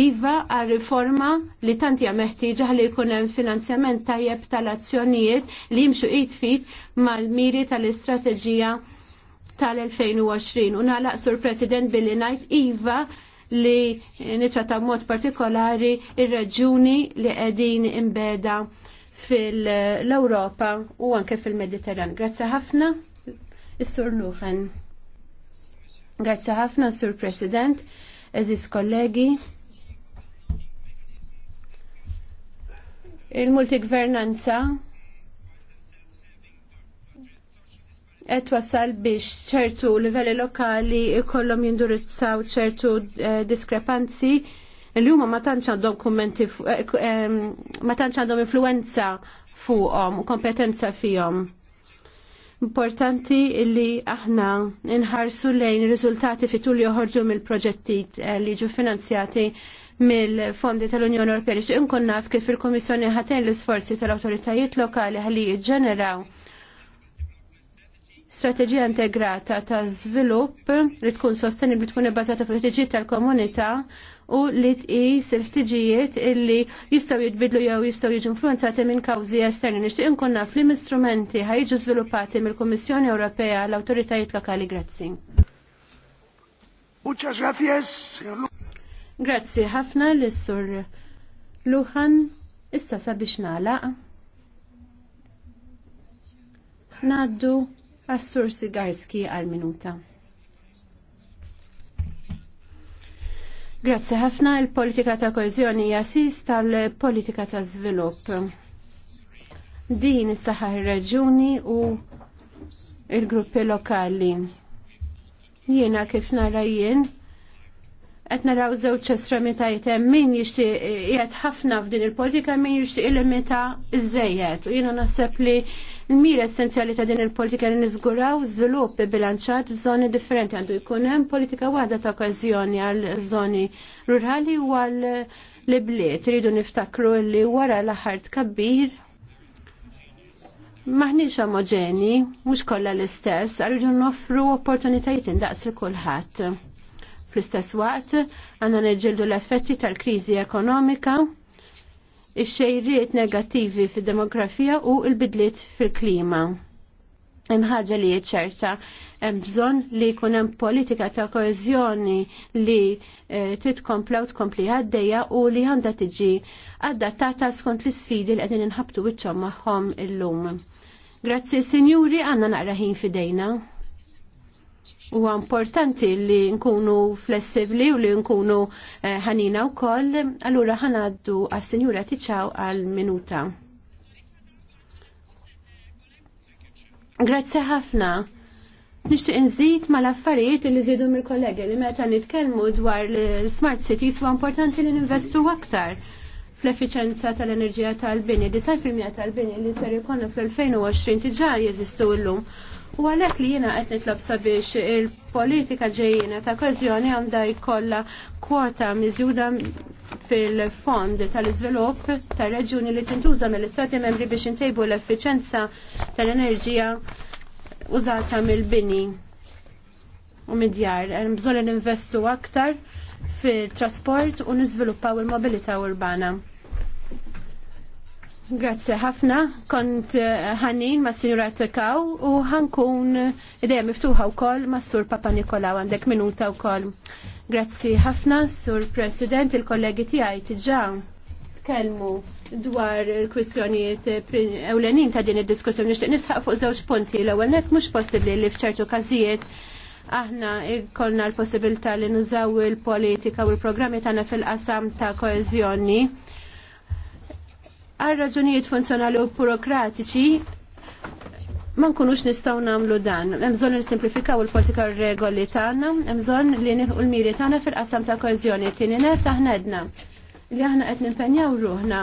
iva għal riforma li tanti meħtieġa li jkun hemm finanzjament tajjeb tal-azzjonijiet li jimxu id fit mal-miri tal-istrateġija tal-2020 u nalaq sur President billi Knight iva li ta' mod partikolari ir-raġuni li qegħdin imbeda fil-Europa u anke fil-Mediterran. Grazzi ħafna, Is-Sur Luħen. Grazzi ħafna, Sur President, eżis kollegi. Il-multigvernanza et wasal biex ċertu livelli lokali jkollhom jindurizzaw ċertu eh, diskrepanzi li huma ma tantx għandhom kummenti eh, eh, ma tantx għandhom influenza fuqhom u kompetenza fihom. Importanti li aħna nħarsu lejn riżultati fitul li joħorġu mill-proġetti eh, li ġu finanzjati mill-fondi tal-Unjoni Ewropea li inkun naf kif il kummissjoni ħatejn l-isforzi tal-awtoritajiet lokali ħalli jiġġeneraw strateġija integrata ta' żvilupp li tkun sostenibbli tkun ibbażata fuq il tal-komunità u li tqis il-ħtiġijiet illi jistgħu jitbidlu jew jistgħu jiġu influenzati minn kawżi esterni. Nixtieq inkun naf li istrumenti ħajġu żviluppati mill-Kummissjoni Ewropea l-awtoritajiet lokali. Grazzi. Muchas gracias, Grazzi ħafna l-Sur Luhan. Issa sabiex nagħlaq. Naddu għas-Sur Sigarski għal-minuta. Grazzi ħafna il-politika ta' koezjoni jasis tal-politika ta' żvilupp. Din is-saħħa reġuni u il-gruppi lokali. Jiena kif nara jien qed naraw żewġ estremitajiet hemm min jixtieq qiegħed ħafna f'din il-politika min jixtieq ilimita iż-żejjed u jiena naħseb li Il-mira essenzjali ta' din il-politika li niżguraw żvilupp bilanċat f'żoni differenti għandu jkun hemm politika waħda ta' okkażjoni għal żoni rurali u għal li bliet rridu niftakru li wara l-aħħar tkabbir maħniex omogeni, mhux kollha l-istess, għarriġu noffru opportunitajiet indaqs li kulħadd. Fl-istess waqt, għandna neġildu l-effetti tal kriżi ekonomika, ix-xejriet negattivi fid-demografija u l-bidliet fil-klima. Hemm ħaġa li ċerta hemm bżonn li jkun hemm politika ta' koeżjoni li eh, titkompla u tkompli għaddejja u li għandha tiġi adattata skont l-isfidi li qegħdin inħabtu wiċċhom magħhom illum. Grazzi, sinjuri, għandna naqra ħin fidejna. U importanti li nkunu flessibli u li nkunu eh, ħanina u koll, allura ħanaddu għas-senjura tiċaw għal-minuta. Grazzi ħafna. Nishtiq nżid mal-affarijiet li żidu mill-kollegi li meta nitkellmu dwar l-smart cities huwa importanti li ninvestu aktar fl-effiċenza tal-enerġija tal-bini. 90% tal-bini li ser ikonu fl-2020 tiġar jeżistu llum. U għalhekk li jiena qed nitlob sabiex il-politika ġejjina ta' kważjoni għandha jkollha kwota miżjuda fil-fond tal-iżvilupp tar-reġjuni li tintuża mill-Istati membri biex intejbu l-effiċenza tal-enerġija użata mill-bini u mid-djar. Bżonn investu aktar fil-trasport u niżviluppaw il-mobilità urbana. Grazie ħafna, kont eh, ħanin ma' Sinjura Tekaw u ħankun ideja miftuħa wkoll ma' Sur Papa Nikolaw għandek minuta wkoll. Grazzi ħafna, Sur President, il-kollegi tiegħi tiġa tkellmu dwar il-kwistjonijiet ewlenin ta' din id-diskussjoni nixtieq nisħaq fuq żewġ punti. L-ewwel nett mhux possibbli li f'ċertu każijiet aħna kollna l-possibilità li nużaw il-politika u l-programmi tagħna fil-qasam ta' koezjoni għal raġunijiet funzjonali u burokratiċi ma nkunux nistgħu nagħmlu dan. Mżon bżonn nisimplifikaw il-politika regoli tagħna, hemm bżonn li nilħu l-miri tagħna fil-qasam ta' koeżjoni tieni net taħnedna li aħna qed nimpenjaw ruħna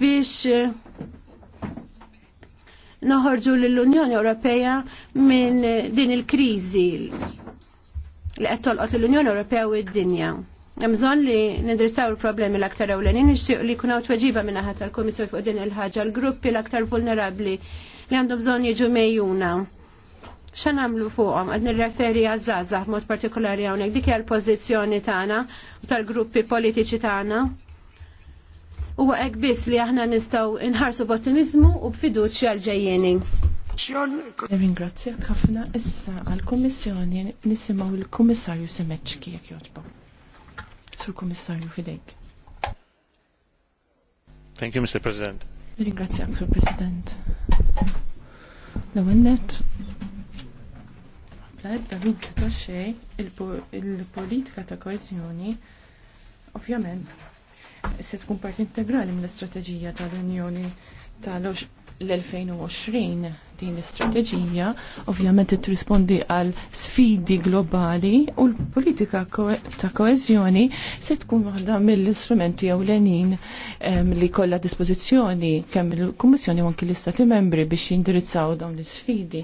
biex eh, noħorġu lill-Unjoni Ewropea minn din il-kriżi li qed tolqot lill-Unjoni Ewropea u d-dinja. Mżon li nindrizzaw il-problemi l-aktar ewlenin, nixtieq li kunaw tweġiba minna ħat tal-Komissjoni fuq din il-ħaġa, l-gruppi l-aktar vulnerabli li għandhom bżon jiġu mejjuna. Xan għamlu fuqom, għad nirreferi għazzazza, mod partikolari għawnek, dik hija l-pozizjoni tagħna u tal-gruppi politiċi tagħna. Huwa hekk biss li aħna nistgħu inħarsu b'ottimizmu u b'fiduċi għal-ġejjeni. Ringrazzjak ħafna issa għall kummissjoni nisimgħu l-Kummissarju Semeċki, jekk jogħġbok fidejk. Thank you, Mr. President. Ringrazzjak, Sur President. L-għennet, l ta' xej, il-politika ta' koezjoni, ovvjament, se tkun parti integrali mill-istrateġija tal-Unjoni tal-2020 l-2020 din l-istrateġija ovvjament trispondi għal sfidi globali u l-politika ta' koezjoni se tkun waħda mill-istrumenti ewlenin li kollha dispożizzjoni kemm il-Kummissjoni u anke l-Istati membri biex jindirizzaw dawn l-sfidi.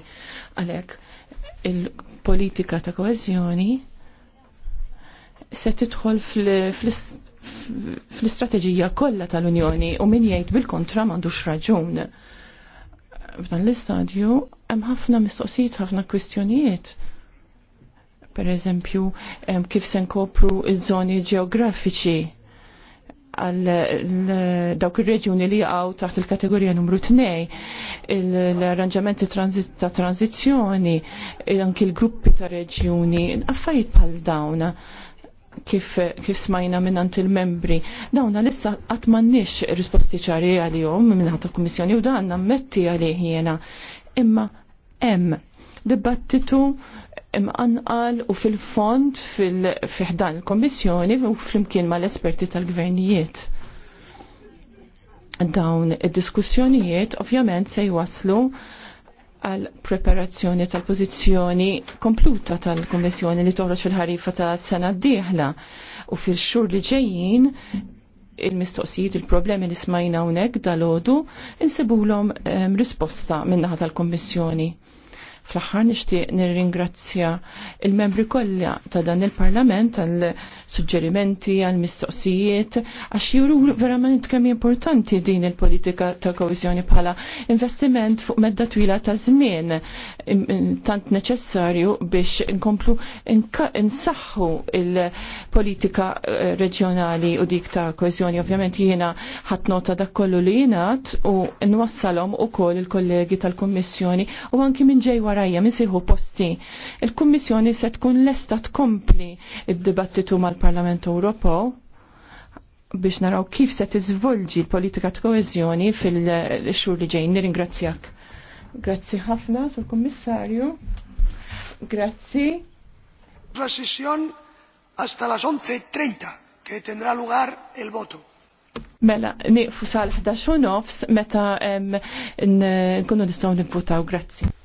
Għalhekk il-politika ta' koezjoni se tidħol fl-istrateġija kollha tal-Unjoni u min jgħid bil-kontra m'għandux raġun f'dan l-istadju hemm ħafna mistoqsijiet, ħafna kwistjonijiet. Per eżempju, kif se nkopru iż-żoni ġeografiċi għal dawk ir-reġjuni li jaqgħu taħt il-kategorija numru 2, l-arranġamenti ta' tranzizzjoni, anki l-gruppi ta' reġjuni, affarijiet bħal dawn kif, kif smajna minnant il-membri. Dawna l-issa għatmannix risposti ċari għal-jom minnant il-Komissjoni u dan nammetti għalih jena. Imma em dibattitu imqanqal u fil-fond fil fihdan il-Komissjoni u fl-imkien mal-esperti tal-gvernijiet. Dawn id-diskussjonijiet ovvjament se jwaslu għal preparazzjoni tal-pozizjoni kompluta tal-Kommissjoni li toħroġ fil-ħarifa ta' sena d-dieħla u fil-xur li ġejjin il-mistoqsijiet, il-problemi li smajna unek dal-ħodu, insibulom ehm, risposta minnaħa tal-Kommissjoni. Fl-aħħar nir nirringrazzja il-membri kollha ta' dan il-Parlament għal suġġerimenti għal mistoqsijiet għax juru verament kemm importanti din il-politika ta' koeżjoni bħala investiment fuq medda twila ta' żmien tant neċessarju biex nkomplu nsaħħu il-politika eh, reġjonali u dik ta' koeżjoni. Ovvjament jiena ħadd nota dak kollu li jingħad u nwassalhom ukoll il-kollegi tal-Kummissjoni u anki minn ġejwa warajja misiħu posti. Il-Kummissjoni se tkun lesta tkompli id-dibattitu mal-Parlament Ewropew biex naraw kif se tiżvolġi l-politika ta' koeżjoni fil-xhur li ġejjin. Nirringrazzjak. Grazzi ħafna sur kummissarju. Grazzi. La sessjon hasta las 11:30 que tendrá lugar el voto. Mela, niqfu sal-11 nofs meta nkunu nistgħu nivvutaw, grazzi.